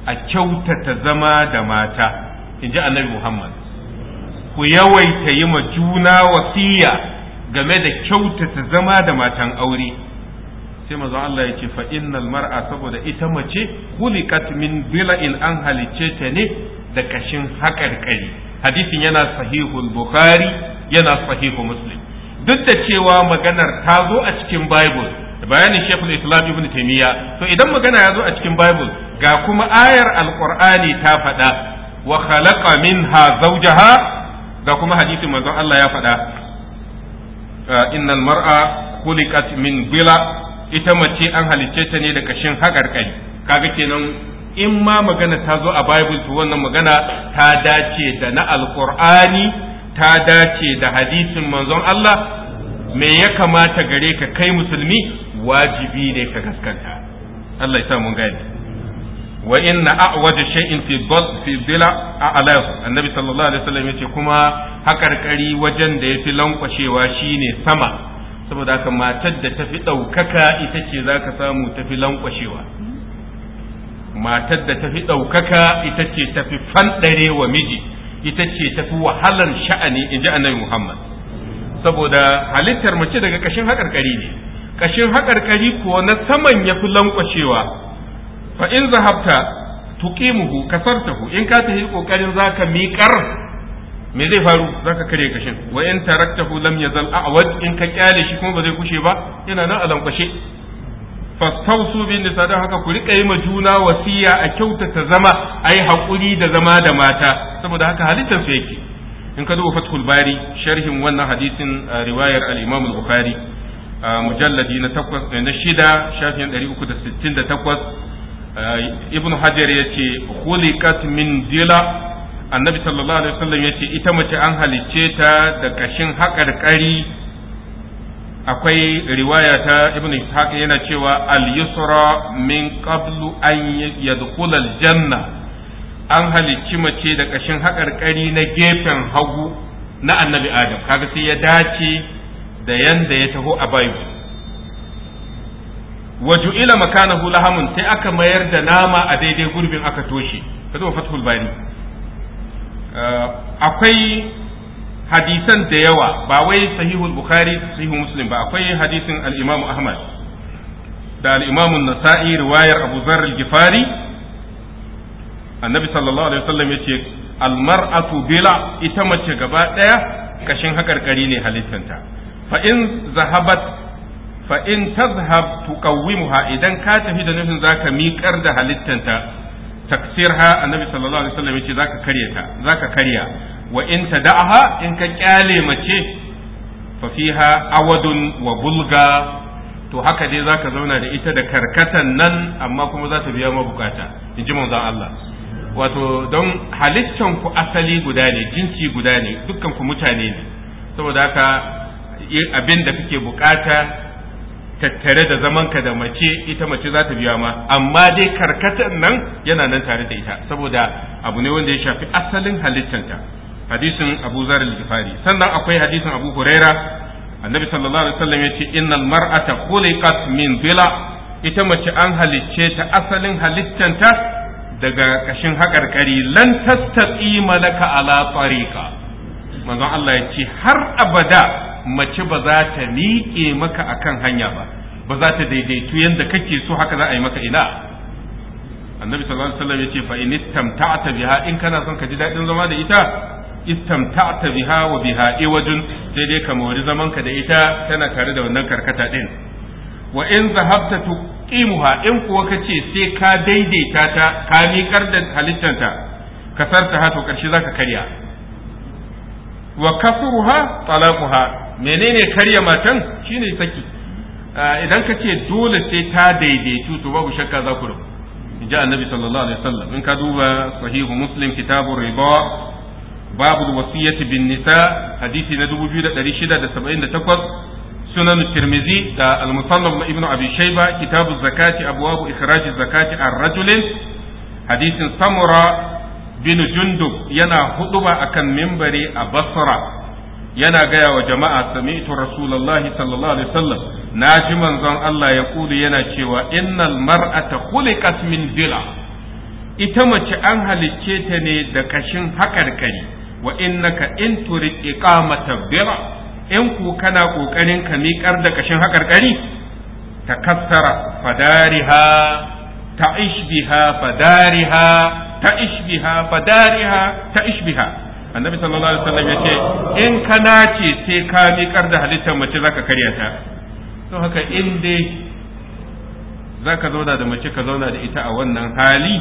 a kyautata zama da mata inji annabi muhammad ku yawaita yi ma juna wasiya game da kyautata zama da matan aure sai mazo Allah yake fa innal mar'a saboda ita mace khuliqat min bila'in an halicce ta ne da kashin haƙarƙari hadisin yana sahihul bukhari yana sahihu muslim duk da cewa maganar ta zo a cikin bible bayanin shekul islam ibn taimiyya to idan magana ya zo a cikin bible ga kuma ayar alqur'ani ta faɗa wa khalaqa minha zawjaha ga kuma hadisin mazo Allah ya faɗa innal mar'a khuliqat min bila ita mace an halicce ta ne da kashin haƙarƙari kaga kenan in ma magana ta zo a bible to wannan magana ta dace da na alƙur'ani ta dace da hadisin manzon Allah me ya kamata gare ka kai musulmi wajibi ne ka gaskanta Allah ya sa mun gane wa inna a'waja shay'in fi fi dila a'lahu annabi sallallahu alaihi wasallam yace kuma haƙarƙari wajen da yafi lankwashewa shine sama saboda haka matar da tafi ɗaukaka ita ce za ka samu tafi lankwashewa matar da tafi ɗaukaka ita ce tafi fanɗare wa miji ita ce tafi wahalar sha'ani in ji annabi muhammad saboda halittar mace daga ƙashin haƙarƙari ne ƙashin haƙarƙari kuwa na saman ya fi lankwashewa fa in zahabta tuqimuhu kasartahu in ka tafi ƙoƙarin zaka miƙar me zai faru zaka kare kashin wa in taraktahu lam yazal a'wad in ka kyale shi kuma ba zai kushe ba yana nan a lankwashe fastausu bi nisa haka ku rika yi ma juna wasiya a kyautata zama ai hakuri haƙuri da zama da mata saboda haka halittar su yake in ka duba fathul bari sharhin wannan hadisin riwayar al-imam al-bukhari mujalladi na takwas eh, na shida shafin ɗari uku da sittin da takwas ibn hajar ya ce khuliqat min dila annabi sallallahu alaihi wasallam ya ce ita mace an halicce ta da kashin haƙarƙari akwai riwaya ta ibn ishaq yana cewa al yusra min qablu an yadkhula al janna an halicci mace da kashin haƙarƙari na gefen hagu na annabi adam kaga sai ya dace da yanda ya taho a bible waju ila makanahu lahamun sai aka mayar da nama a daidai gurbin aka toshe ka fathul bari Eh, akwai hadisan da yawa ba wai sahihul bukhari sahihul muslim ba akwai hadisin al-imam ahmad da al-imam an-nasa'i riwayar abu al-gifari annabi sallallahu alaihi wasallam yace al-mar'atu bila ita mace gaba daya kashin hakarkari ne halittanta fa in zahabat fa in tazhab idan ka tafi da nufin zaka miƙar da halittanta taksirha annabi sallallahu alaihi wasallam yace zaka karya ta zaka karya wa in tada'aha in ka kyale mace fa fiha awadun wa bulga to haka dai zaka zauna da ita da karkatan nan amma kuma za ta biya mabukata in ji manzon Allah wato don halittan ku asali guda ne jinsi guda ne dukkan ku mutane ne saboda haka abin da kake bukata tattare da zaman ka da mace ita mace za ta biya ma amma dai karkatan nan yana nan tare da ita saboda abu ne wanda ya shafi asalin halittanta hadisin Abu Zar al-Ghifari sannan akwai hadisin Abu Huraira annabi sallallahu alaihi wasallam yace innal mar'ata khuliqat min bila ita mace an halicce ta asalin halittanta daga kashin haƙarƙari lan tastaqi malaka ala tariqa manzon Allah yace har abada mace ba za ta miƙe maka akan hanya ba ba za ta daidaitu yadda kake so haka za a yi maka ina annabi sallallahu alaihi wasallam yace fa in istamta'ta biha in kana son ka ji daɗin zama da ita istamta'ta biha wa biha iwajun sai dai ka mori zaman ka da ita tana tare da wannan karkata din wa in zahabta tuqimuha in kuwa kace sai ka daidaita ta ka miƙar da halittanta kasarta ha to karshe zaka karya wa kasruha talaquha menene karya matan shine saki ah, idan ka ce dole sai ta daidaitu to babu shakka za ku rubu in ji annabi sallallahu alaihi wasallam in ka duba sahihu muslim kitabur riba babu wasiyati bin nisa hadisi na 2678 sunan tirmizi da al-musannaf na ibnu abi shayba kitabu zakati abwabu ikhrajiz zakati ar-rajulin hadisin samura bin jundub yana huduba akan mimbari a basra yana gaya wa jama'a sami'tu rasulullahi sallallahu alaihi wasallam na ji manzon Allah ya kudu yana cewa innal mar'ata khuliqat min dila ita mace an halicce ta ne da kashin hakarkari wa innaka in turid iqamata dila in ku kana kokarin ka miƙar da kashin hakarkari takassara fadariha ta'ish biha fadariha ishbiha fa fadariha ta ishbiha annabi sallallahu alaihi wasallam yace in ka nace sai ka miƙar da halittar mace zaka karya ta to haka in dai zaka zauna da mace ka zauna da ita a wannan hali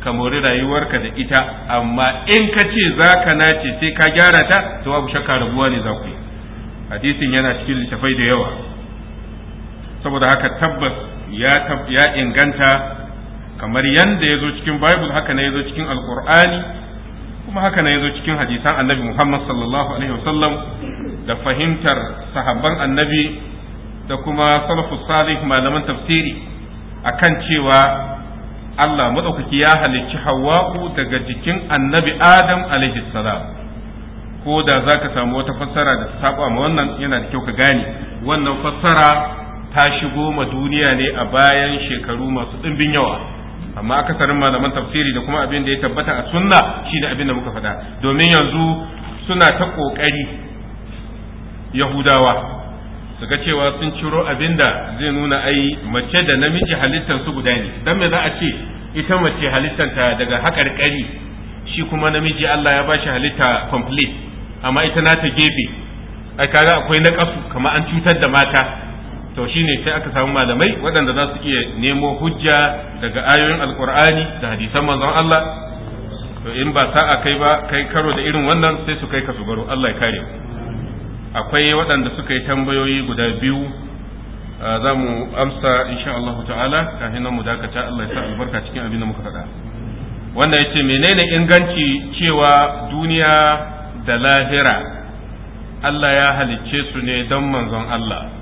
ka mori rayuwarka da ita amma in ka ce zaka nace sai ka gyara ta to babu shakka rabuwa ne za hadisin yana cikin littafai da yawa saboda haka tabbas ya inganta kamar da ya zo cikin bible haka ne ya zo cikin alkur'ani kuma haka ne ya zo cikin hadisan annabi muhammad sallallahu alaihi wasallam da fahimtar sahabban annabi da kuma salafus salih malaman tafsiri akan cewa Allah maɗaukaki ya halicci hawa'u daga jikin annabi adam alaihi salam ko da za ka samu wata fassara da ta saba ma wannan yana da kyau ka gane wannan fassara ta shigo ma duniya ne a bayan shekaru masu ɗimbin yawa amma akasarin malaman tafsiri da kuma abin da ya tabbata a sunna shi da abin da muka faɗa domin yanzu suna ta ƙoƙari yahudawa su ga cewa sun ciro abin da zai nuna ai mace da namiji halittar su guda ne dan me za a ce ita mace ta daga haƙarƙari shi kuma namiji Allah ya ba shi halitta complete amma ita na ta gefe ai kaga akwai kasu kamar an cutar da mata to shine sai aka samu malamai waɗanda za su iya nemo hujja daga ayoyin alkur'ani da hadisan manzon Allah to in ba sa'a kai ba kai karo da irin wannan sai su kai ka sugaro Allah ya kare akwai waɗanda suka yi tambayoyi guda biyu za mu amsa insha Allah ta'ala kafin nan mu dakata Allah ya sa albarka cikin abin da muka faɗa wanda yace menene inganci cewa duniya da lahira Allah ya halicce su ne don manzon Allah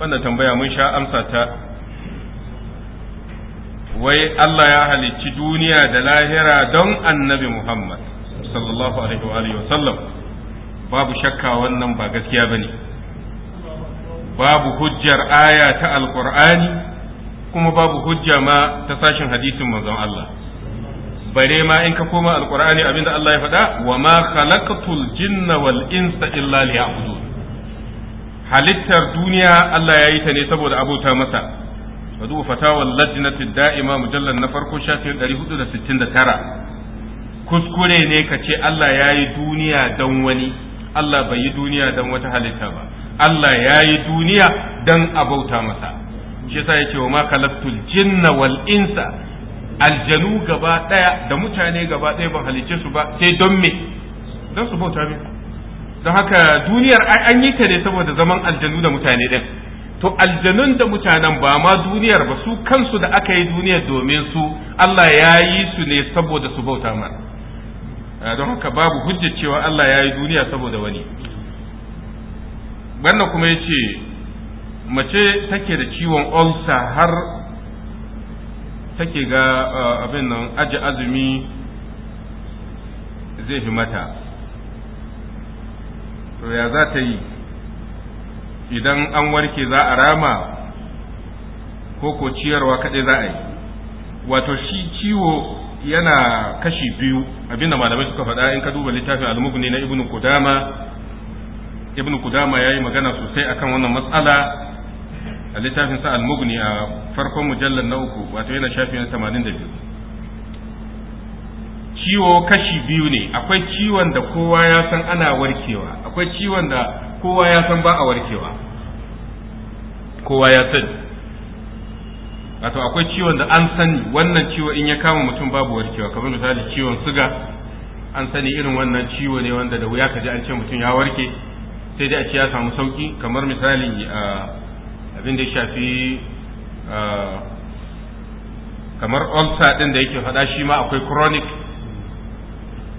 wannan tambaya mun sha amsa ta wai Allah ya halicci duniya da lahira don annabi Muhammad sallallahu alaihi wa alihi wasallam babu shakka wannan ba gaskiya bane babu hujjar aya ta alqur'ani kuma babu hujja ma ta sashin hadisin manzon Allah bare ma in ka koma alqur'ani abinda Allah ya faɗa wa ma khalaqatul jinna wal insa illa liya'budun halittar duniya Allah ya yi ta ne saboda abota masa ka duba fatawar lajnatin da'ima mujallar na farko shafin 469 kuskure ne ka ce Allah ya yi duniya don wani Allah bai yi duniya don wata halitta ba Allah ya yi duniya don abauta masa shi yasa ya ce wa ma jinna wal insa aljanu gaba daya da mutane gaba daya ban halicce su ba sai don me don su bauta ne. don haka duniyar an yi ta ne saboda zaman aljanu da mutane din to aljanun da mutanen ba ma duniyar ba su kansu da aka yi duniyar domin su Allah ya yi su ne saboda su bauta ma eh, don haka babu hujja cewa Allah ya yi duniya saboda wani wannan kuma ya ce mace take da ciwon ulsa har take ga eh, abin nan aji azumi zai fi mata to ya za ta yi idan an warke za a rama ko ko ciyarwa kaɗai za a yi wato shi ciwo yana kashi biyu abinda malamai suka faɗa in ka duba littafin almugni na ibnu kudama ibnu kudama ya yi magana sosai akan wannan matsala a littafin sa almugni a farkon mujallar na uku wato yana shafin 82 ciwo kashi biyu ne akwai ciwon da kowa ya san ana warkewa akwai ciwon da kowa ya san ba a warkewa kowa ya san wato akwai ciwon da an sani wannan ciwo in ya kama mutum babu warkewa kamar misali ciwon suga an sani irin wannan ciwo ne wanda da wuya kaji an ce mutum ya warke sai dai a ce ya samu sauki kamar misali abin da ya shafi kamar ulcer din da yake faɗa shi ma akwai chronic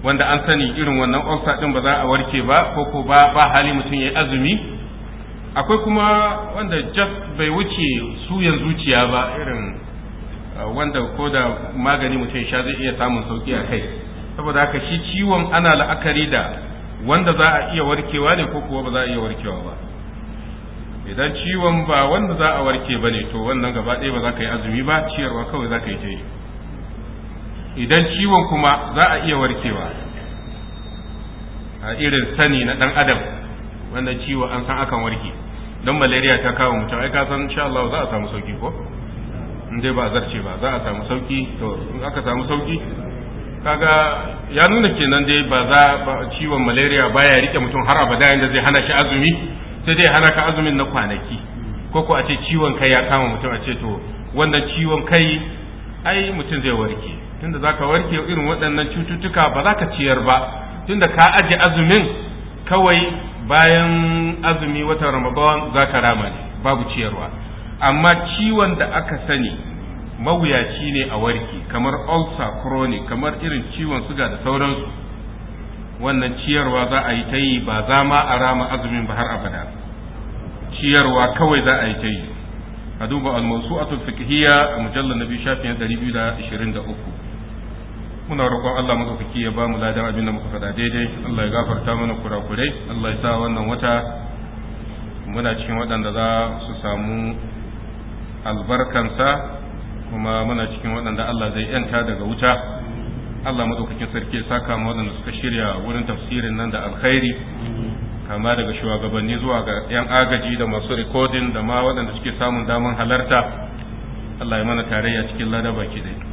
wanda an sani irin wannan osa din ba za a warke ba ko ko ba ba hali mutum yayi azumi akwai kuma wanda just bai wuce suyan zuciya ba irin uh, wanda ko da magani mutum sha zai iya samun sauki a kai saboda haka shi ciwon ana la'akari da wanda za a iya warkewa ne ko kuwa ba za a iya warkewa ba idan ciwon ba wanda za a warke ba ne to wannan gaba ɗaya ba za ka yi azumi ba ciyarwa kawai za ka yi ta yi idan ciwon kuma za a iya warkewa a irin sani na dan adam wanda ciwo an san akan warke don malaria ta kawo mutum ai ka san insha Allah za a samu sauki ko in dai ba zarce ba za a samu sauki to in aka samu sauki kaga ya nuna kenan dai ba za ciwon malaria baya rike mutum har abada yanda zai hana shi azumi sai dai hana ka azumin na kwanaki ko ko a ce ciwon kai ya kama mutum a ce to wannan ciwon kai ai mutum zai warke tunda za ka warke irin waɗannan cututtuka ba za ka ciyar ba tunda ka aje azumin kawai bayan azumi watan ramadan za ka rama ne babu ciyarwa amma ciwon da aka sani mawuyaci ne a warke kamar ulcer chronic kamar irin ciwon suga da sauransu wannan ciyarwa za a yi ta yi ba za ma a rama azumin ba har abada ciyarwa kawai za a yi ta yi a duba al-mawsu'atul fiqhiyya a mujallal nabi shafin 223 muna roƙon Allah madaukaki ya ba mu ladan abin da muka faɗa daidai Allah ya gafarta mana kurakurai Allah ya sa wannan wata muna cikin waɗanda za su samu albarkansa kuma muna cikin waɗanda Allah zai yanta daga wuta Allah madaukakin sarki ya saka mu waɗanda suka shirya wurin tafsirin nan da alkhairi kama daga shugabanni zuwa ga 'yan agaji da masu rikodin da ma waɗanda suke samun damar halarta Allah ya mana tarayya cikin lada baki dai